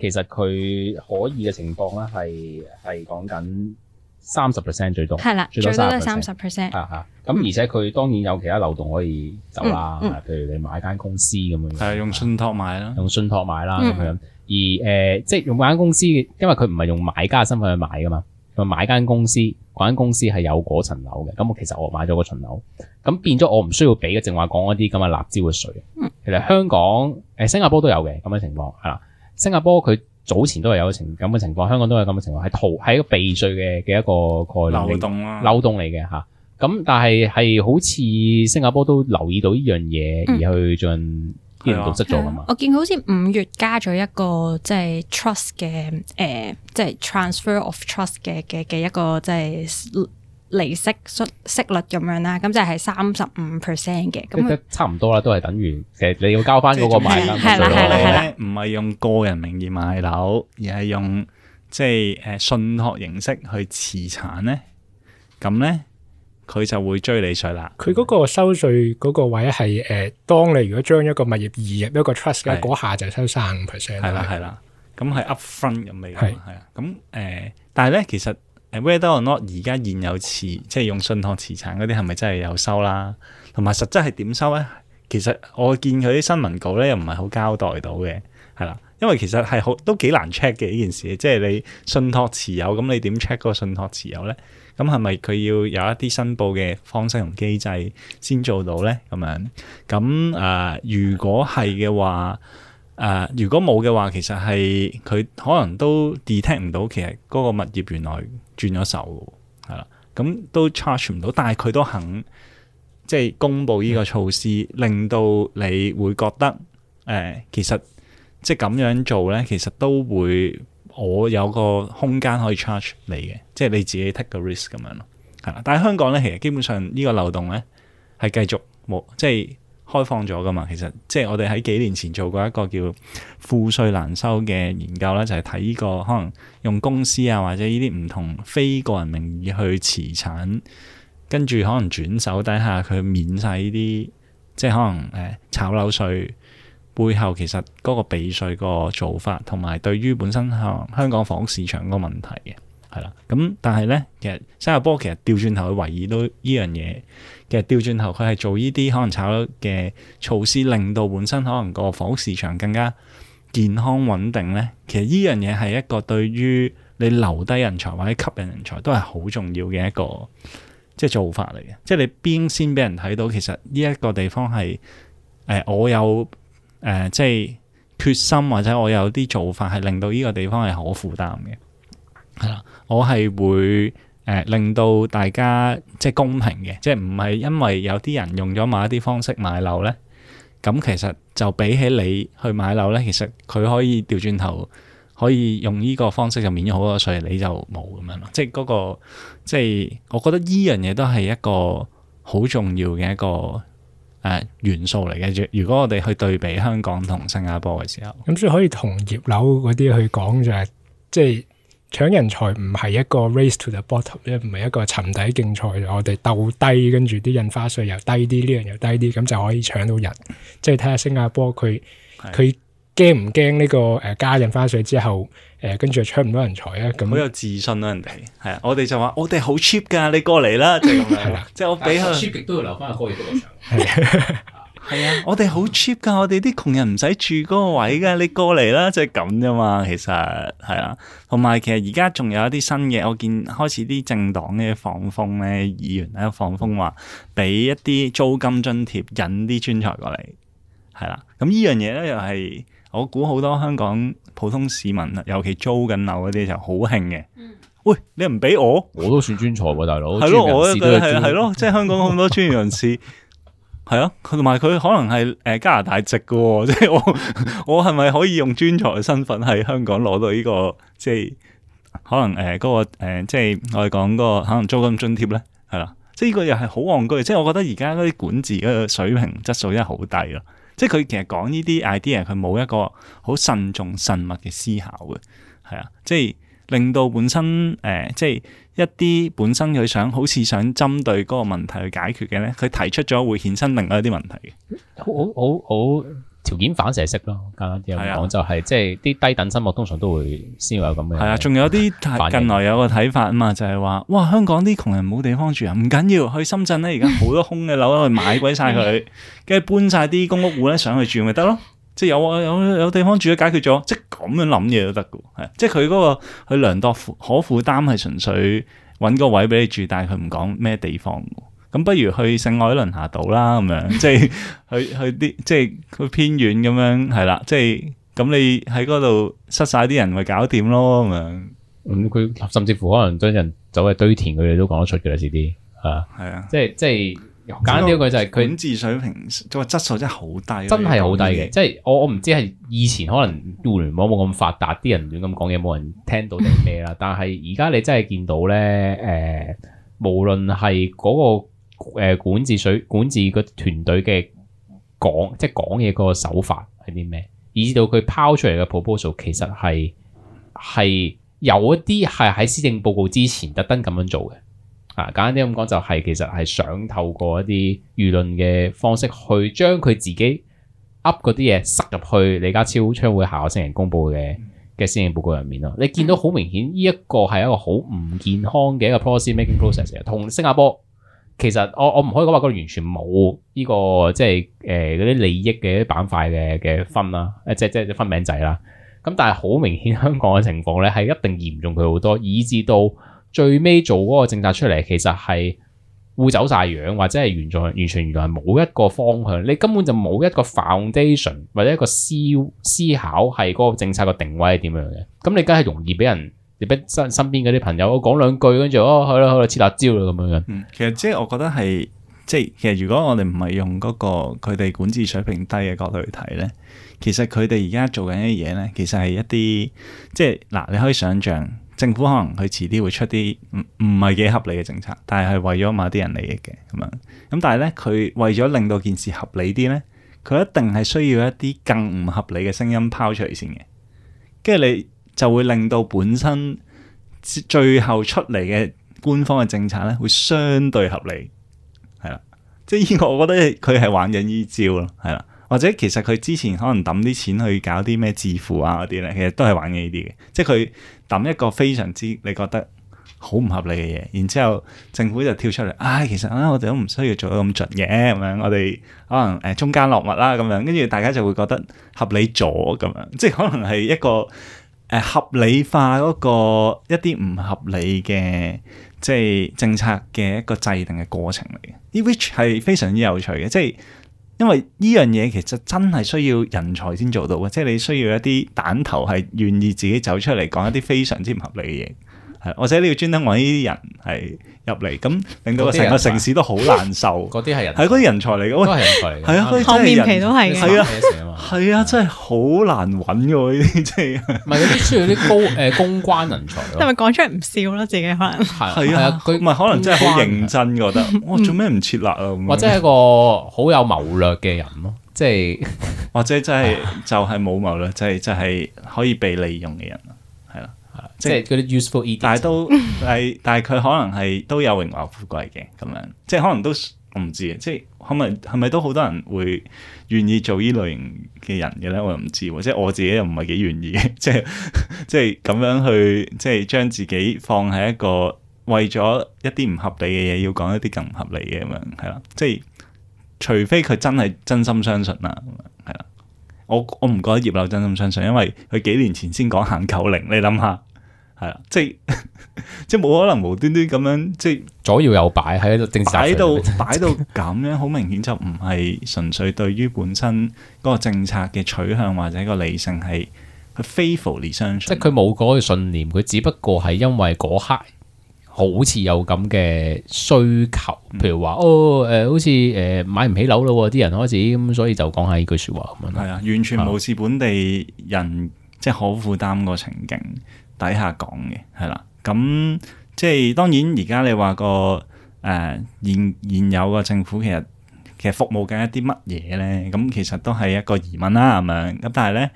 其實佢可以嘅情況咧，係係講緊。三十 percent 最多，係啦，最多三十 percent。啊啊，咁而且佢當然有其他漏洞可以走啦，譬如你買間公司咁樣。係用信託買啦，用信託買啦咁樣。而誒，即係用間公司，因為佢唔係用買家嘅身份去買嘅嘛，佢買間公司，間公司係有嗰層樓嘅。咁其實我買咗嗰層樓，咁變咗我唔需要俾嘅，淨話講嗰啲咁嘅辣招嘅稅。其實香港、誒新加坡都有嘅咁嘅情況，係啦，新加坡佢。早前都係有情咁嘅情況，香港都係咁嘅情況，係逃係一個避稅嘅嘅一個概念漏洞啦，漏洞嚟嘅嚇。咁但係係好似新加坡都留意到呢樣嘢，而去進行呢樣失咗噶嘛。我見好似五月加咗一個即係 trust 嘅誒，即、就、係、是 tr 呃就是、transfer of trust 嘅嘅嘅一個即係。就是利息率咁樣啦，咁就係三十五 percent 嘅，咁差唔多啦，都係等於其實你要交翻嗰個買啦。係啦係啦係啦，唔係用個人名義買樓，而係用即係誒信託形式去持產咧，咁咧佢就會追你稅啦。佢嗰個收稅嗰個位係誒，當你如果將一個物業移入一個 trust 嘅嗰下就收三十五 percent 啦，係啦係啦，咁係 upfront 咁嚟嘅，係啊，咁誒，但係咧其實。誒 Whether or not 而家現有持即係用信託持產嗰啲係咪真係有收啦？同埋實質係點收咧？其實我見佢啲新聞稿咧又唔係好交代到嘅，係啦，因為其實係好都幾難 check 嘅呢件事，即係你信託持有，咁你點 check 個信託持有咧？咁係咪佢要有一啲申報嘅方式同機制先做到咧？咁樣咁誒、呃，如果係嘅話，誒、呃、如果冇嘅話，其實係佢可能都 detect 唔到，其實嗰個物業原來。轉咗手，係啦，咁都 charge 唔到，但係佢都肯即係公布呢個措施，令到你會覺得誒、呃，其實即係咁樣做咧，其實都會我有個空間可以 charge 你嘅，即係你自己 take 個 risk 咁樣咯，係啦。但係香港咧，其實基本上呢個漏洞咧係繼續冇，即係。開放咗㗎嘛？其實即係我哋喺幾年前做過一個叫富稅難收嘅研究咧，就係睇呢個可能用公司啊，或者呢啲唔同非個人名義去持產，跟住可能轉手底下佢免晒呢啲，即係可能誒、哎、炒樓稅背後其實嗰個避稅個做法，同埋對於本身香香港房屋市場個問題嘅，係啦。咁但係咧，其實新加坡其實調轉頭去懷疑都呢樣嘢。其實調轉頭，佢係做呢啲可能炒嘅措施，令到本身可能個房屋市場更加健康穩定咧。其實呢樣嘢係一個對於你留低人才或者吸引人才都係好重要嘅一個即係做法嚟嘅。即係你邊先俾人睇到，其實呢一個地方係誒、呃、我有誒、呃、即係決心或者我有啲做法係令到呢個地方係可負擔嘅。係啦，我係會。誒令到大家即係公平嘅，即係唔係因為有啲人用咗某一啲方式買樓咧，咁其實就比起你去買樓咧，其實佢可以調轉頭可以用呢個方式就免咗好多稅，你就冇咁樣咯。即係、嗰個即係我覺得依樣嘢都係一個好重要嘅一個誒、呃、元素嚟嘅。如果我哋去對比香港同新加坡嘅時候，咁所以可以同業樓嗰啲去講，就係即係。搶人才唔係一個 race to the bottom，即唔係一個沉底競賽，我哋鬥低，跟住啲印花稅又低啲，呢樣又低啲，咁就可以搶到人。即係睇下新加坡佢佢驚唔驚呢個誒加印花稅之後，誒跟住又搶唔到人才啊？咁好有自信啊！人哋係啊，我哋就話我哋好 cheap 噶，你過嚟啦，即係咁樣，的即係我俾佢 cheap 極都要留翻個高熱度嘅時係 啊，我哋好 cheap 噶，我哋啲窮人唔使住嗰個位噶，你過嚟啦，即係咁啫嘛。其實係啊，同埋其實而家仲有一啲新嘅。我見開始啲政黨嘅放風咧，議員咧放風話，俾一啲租金津貼引啲專才過嚟，係啦。咁呢樣嘢咧又係，我估好多香港普通市民啊，尤其租緊樓嗰啲就好興嘅。喂，你唔俾我？我都算專才喎，大佬。係咯，我係係係咯，即係香港咁多專業人士。 係啊，同埋佢可能係誒、呃、加拿大籍嘅、哦，即係我 我係咪可以用專才嘅身份喺香港攞到呢個即係可能誒嗰、呃那個、呃、即係我哋講嗰個可能租金津貼咧？係啦、啊，即係呢、這個又係好戇居，即係我覺得而家嗰啲管治嗰個水平質素真係好低啦、啊。即係佢其實講呢啲 idea，佢冇一個好慎重慎密嘅思考嘅，係啊，即係令到本身誒、呃、即係。一啲本身佢想好似想針對嗰個問題去解決嘅咧，佢提出咗會衍生另外一啲問題嘅，好好好好條件反射式咯，簡單啲嚟講就係、是、即係啲低等生物通常都會先有咁樣。係啊，仲有啲近來有個睇法啊嘛，就係、是、話哇，香港啲窮人冇地方住啊，唔緊要，去深圳咧，而家好多空嘅樓去買鬼晒佢，跟住 搬晒啲公屋戶咧上去住咪得咯。即係有啊，有有地方住都解決咗，即係咁樣諗嘢都得嘅。係，即係佢嗰個佢量度可負擔係純粹揾個位俾你住，但係佢唔講咩地方，咁不如去聖愛倫下島啦，咁樣即係去去啲即係佢偏遠咁樣係啦，即係咁你喺嗰度塞晒啲人咪搞掂咯，咁樣咁佢甚至乎可能將人走去堆填，佢哋都講得出嘅啦，遲啲係啊，係啊的，即係即係。 簡單佢就係佢管治水平，即係質素真係好低，真係好低嘅。即係、嗯、我我唔知係以前可能互聯網冇咁發達，啲人亂咁講嘢，冇人聽到定係咩啦。嗯、但係而家你真係見到咧，誒、呃，無論係嗰個誒、呃、管治水管治個團隊嘅講，即係講嘢嗰個手法係啲咩，以至到佢拋出嚟嘅 proposal 其實係係有一啲係喺施政報告之前特登咁樣做嘅。簡單啲咁講，就係、是、其實係想透過一啲輿論嘅方式，去將佢自己噏嗰啲嘢塞入去李家超將會下個星期公布嘅嘅施政報告入面咯。你見到好明顯，呢一個係一個好唔健康嘅一個 policy making process 同新加坡其實我我唔可以講話佢完全冇呢、這個即係誒嗰啲利益嘅一啲板塊嘅嘅分啦，誒即係即係分餅仔啦。咁但係好明顯，香港嘅情況咧係一定嚴重佢好多，以至到。最尾做嗰個政策出嚟，其實係會走晒樣，或者係完全完全原來冇一個方向，你根本就冇一個 foundation 或者一個思思考係嗰個政策嘅定位係點樣嘅。咁你梗係容易俾人，你俾身身邊嗰啲朋友講兩句跟住哦，好咯好咯，黐辣椒啦咁樣。嗯，其實即係我覺得係，即係其實如果我哋唔係用嗰個佢哋管治水平低嘅角度去睇咧，其實佢哋而家做緊嘅嘢咧，其實係一啲即係嗱，你可以想象。政府可能佢遲啲會出啲唔唔係幾合理嘅政策，但係係為咗某啲人利益嘅咁樣。咁但係咧，佢為咗令到件事合理啲咧，佢一定係需要一啲更唔合理嘅聲音拋出嚟先嘅。跟住你就會令到本身最後出嚟嘅官方嘅政策咧，會相對合理。係啦，即係依個，我覺得佢係玩緊依招咯，係啦。或者其實佢之前可能抌啲錢去搞啲咩智庫啊嗰啲咧，其實都係玩嘅呢啲嘅，即係佢抌一個非常之你覺得好唔合理嘅嘢，然之後政府就跳出嚟，唉、哎，其實啊，我哋都唔需要做得咁盡嘅，咁樣我哋可能誒、呃、中間落墨啦、啊，咁樣跟住大家就會覺得合理咗咁樣，即係可能係一個誒、呃、合理化嗰個一啲唔合理嘅即係政策嘅一個制定嘅過程嚟嘅，呢 which 係非常之有趣嘅，即係。因為呢樣嘢其實真係需要人才先做到嘅，即係你需要一啲蛋頭係願意自己走出嚟講一啲非常之唔合理嘅嘢。或者你要專登揾呢啲人係入嚟，咁令到成個城市都好難受。嗰啲係人，係嗰啲人才嚟嘅。係啊，嗰啲真係啊，係啊，真係好難揾㗎。呢啲即係，唔係有啲需要啲高誒公關人才咯。係咪講出嚟唔笑咯？自己可能係係啊，佢唔係可能真係好認真，覺得我做咩唔設立啊？或者係一個好有謀略嘅人咯，即係或者真係就係冇謀略，即係即係可以被利用嘅人。即係啲 useful，但係都， 但係但係佢可能係都有榮華富貴嘅咁樣，即係可能都我唔知，即係可唔係咪都好多人會願意做呢類型嘅人嘅咧？我又唔知，即係我自己又唔係幾願意，即係即係咁樣去，即係將自己放喺一個為咗一啲唔合理嘅嘢，要講一啲更唔合理嘅咁樣係啦，即係除非佢真係真心相信啦，係啦，我我唔覺得葉劉真心相信，因為佢幾年前先講限購令，你諗下。係啦，即係即係冇可能無端端咁樣，即係左搖右擺喺度定晒，擺到擺到咁樣，好明顯就唔係純粹對於本身嗰個政策嘅取向或者個理性係佢 faithfully 相信，即係佢冇嗰個信念，佢只不過係因為嗰刻好似有咁嘅需求，譬如話哦誒，好似誒買唔起樓咯，啲人開始咁，所以就講下呢句說話咁樣。係啊，完全無視本地人即係可負擔個情景。底下講嘅係啦，咁、嗯、即係當然而家你話個誒現現有個政府其實其實服務緊一啲乜嘢咧？咁、嗯、其實都係一個疑問啦，係咪咁，但係咧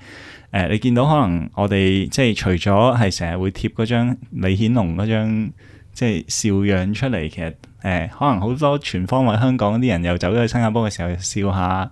誒，你見到可能我哋即係除咗係成日會貼嗰張李顯龍嗰張即係笑樣出嚟，其實誒、呃、可能好多全方位香港啲人又走咗去新加坡嘅時候笑下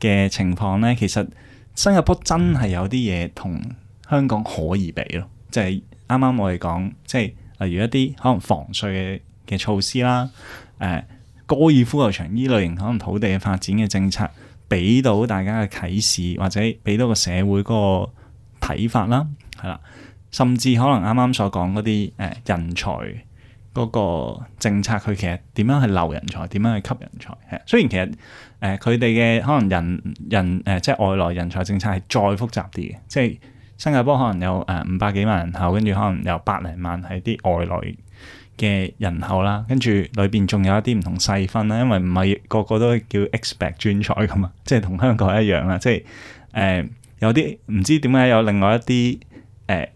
嘅情況咧，其實新加坡真係有啲嘢同香港可以比咯。即係啱啱我哋講，即係例如一啲可能房稅嘅嘅措施啦，誒、呃，高爾夫球場呢類型可能土地嘅發展嘅政策，俾到大家嘅啟示，或者俾到個社會個睇法啦，係啦，甚至可能啱啱所講嗰啲誒人才嗰個政策，佢其實點樣去留人才，點樣去吸人才，係雖然其實誒佢哋嘅可能人人誒即係外來人才政策係再複雜啲嘅，即係。新加坡可能有誒五百幾萬人口，跟住可能有百零萬係啲外來嘅人口啦，跟住裏邊仲有一啲唔同細分啦，因為唔係個個都叫 expect 專才噶嘛，即係同香港一樣啦，即係誒、呃、有啲唔知點解有另外一啲誒、呃、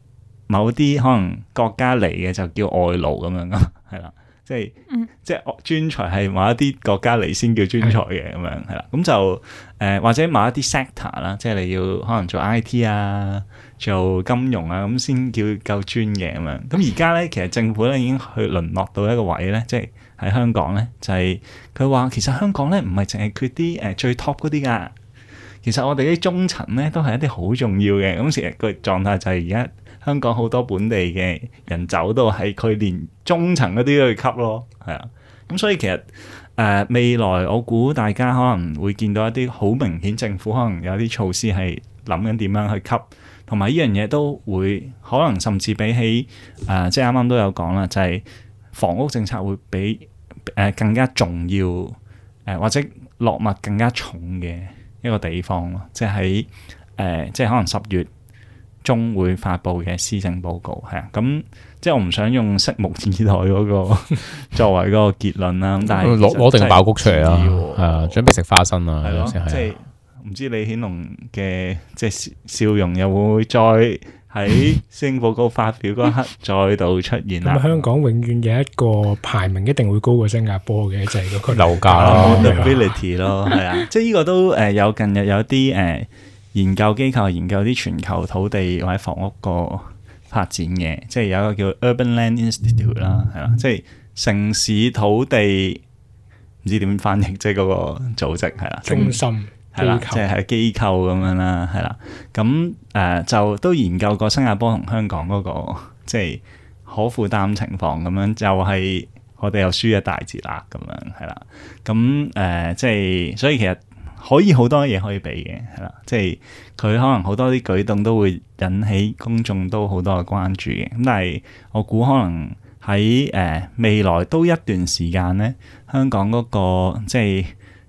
某啲可能國家嚟嘅就叫外勞咁樣咯，係啦，即係、嗯、即係專才係某一啲國家嚟先叫專才嘅咁樣係啦，咁、嗯嗯、就誒、呃、或者某一啲 sector 啦，即係你要可能做 IT 啊。做金融啊，咁先叫夠專嘅咁樣。咁而家咧，其實政府咧已經去淪落到一個位咧，即係喺香港咧，就係佢話其實香港咧唔係淨係缺啲誒最 top 嗰啲噶。其實我哋啲中層咧都係一啲好重要嘅。咁成日個狀態就係而家香港好多本地嘅人走到係佢連中層嗰啲都去吸咯，係啊。咁所以其實誒未來我估大家可能會見到一啲好明顯，政府可能有啲措施係諗緊點樣去吸。同埋呢樣嘢都會可能甚至比起誒、呃，即係啱啱都有講啦，就係、是、房屋政策會比誒、呃、更加重要誒、呃，或者落墨更加重嘅一個地方咯，即係喺誒，即係可能十月中會發布嘅施政報告係啊。咁、嗯、即係我唔想用拭目以待嗰個 作為嗰個結論啦。咁但係攞攞定爆谷出嚟啊，係啊，準備食花生啊，係咯才是、就是，即係。唔知李顯龍嘅即係笑容又會唔會再喺施政報告發表嗰刻再度出現啦？香港永遠有一個排名一定會高過新加坡嘅，就係嗰個樓價啦，affordability 咯，係啊，即係呢個都誒有近日有啲誒研究機構研究啲全球土地或者房屋個發展嘅，即係有一個叫 Urban Land Institute 啦，係啦，即係城市土地唔知點翻譯，即係嗰個組織係啦，中心。係靠即係機構咁樣啦，係啦。咁誒、呃、就都研究過新加坡同香港嗰、那個即係可負擔情況咁樣，就係、是、我哋又輸一大截啦。咁樣係啦，咁誒、呃、即係所以其實可以好多嘢可以比嘅係啦。即係佢可能好多啲舉動都會引起公眾都好多嘅關注嘅。咁但係我估可能喺誒、呃、未來都一段時間咧，香港嗰、那個即係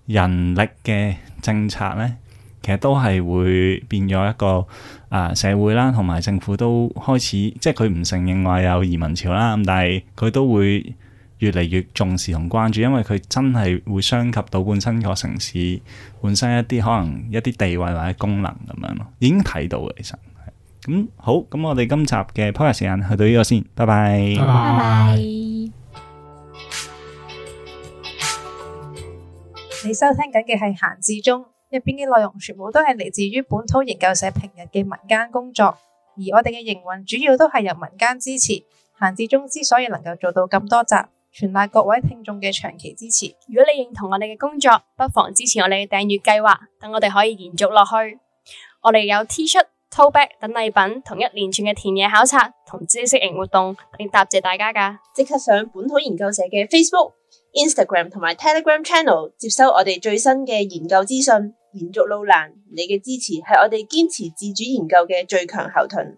人力嘅。政策咧，其實都係會變咗一個啊、呃、社會啦，同埋政府都開始，即係佢唔承認話有移民潮啦，咁但係佢都會越嚟越重視同關注，因為佢真係會傷及到本身個城市，本身一啲可能一啲地位或者功能咁樣咯，已經睇到嘅其實係。咁、嗯、好，咁我哋今集嘅 Podcast 時間去到呢個先，拜拜，拜拜。你收聽緊嘅係閒置中，入邊嘅內容全部都係嚟自於本土研究社平日嘅民間工作，而我哋嘅營運主要都係由民間支持。閒置中之所以能夠做到咁多集，全賴各位聽眾嘅長期支持。如果你認同我哋嘅工作，不妨支持我哋嘅訂閱計劃，等我哋可以延續落去。我哋有 T 恤、Tote Bag 等禮品，同一連串嘅田野考察同知識型活動，嚟答謝大家㗎。即刻上本土研究社嘅 Facebook。Instagram 同埋 Telegram Channel 接收我哋最新嘅研究資訊，延續路難，你嘅支持係我哋堅持自主研究嘅最強後盾。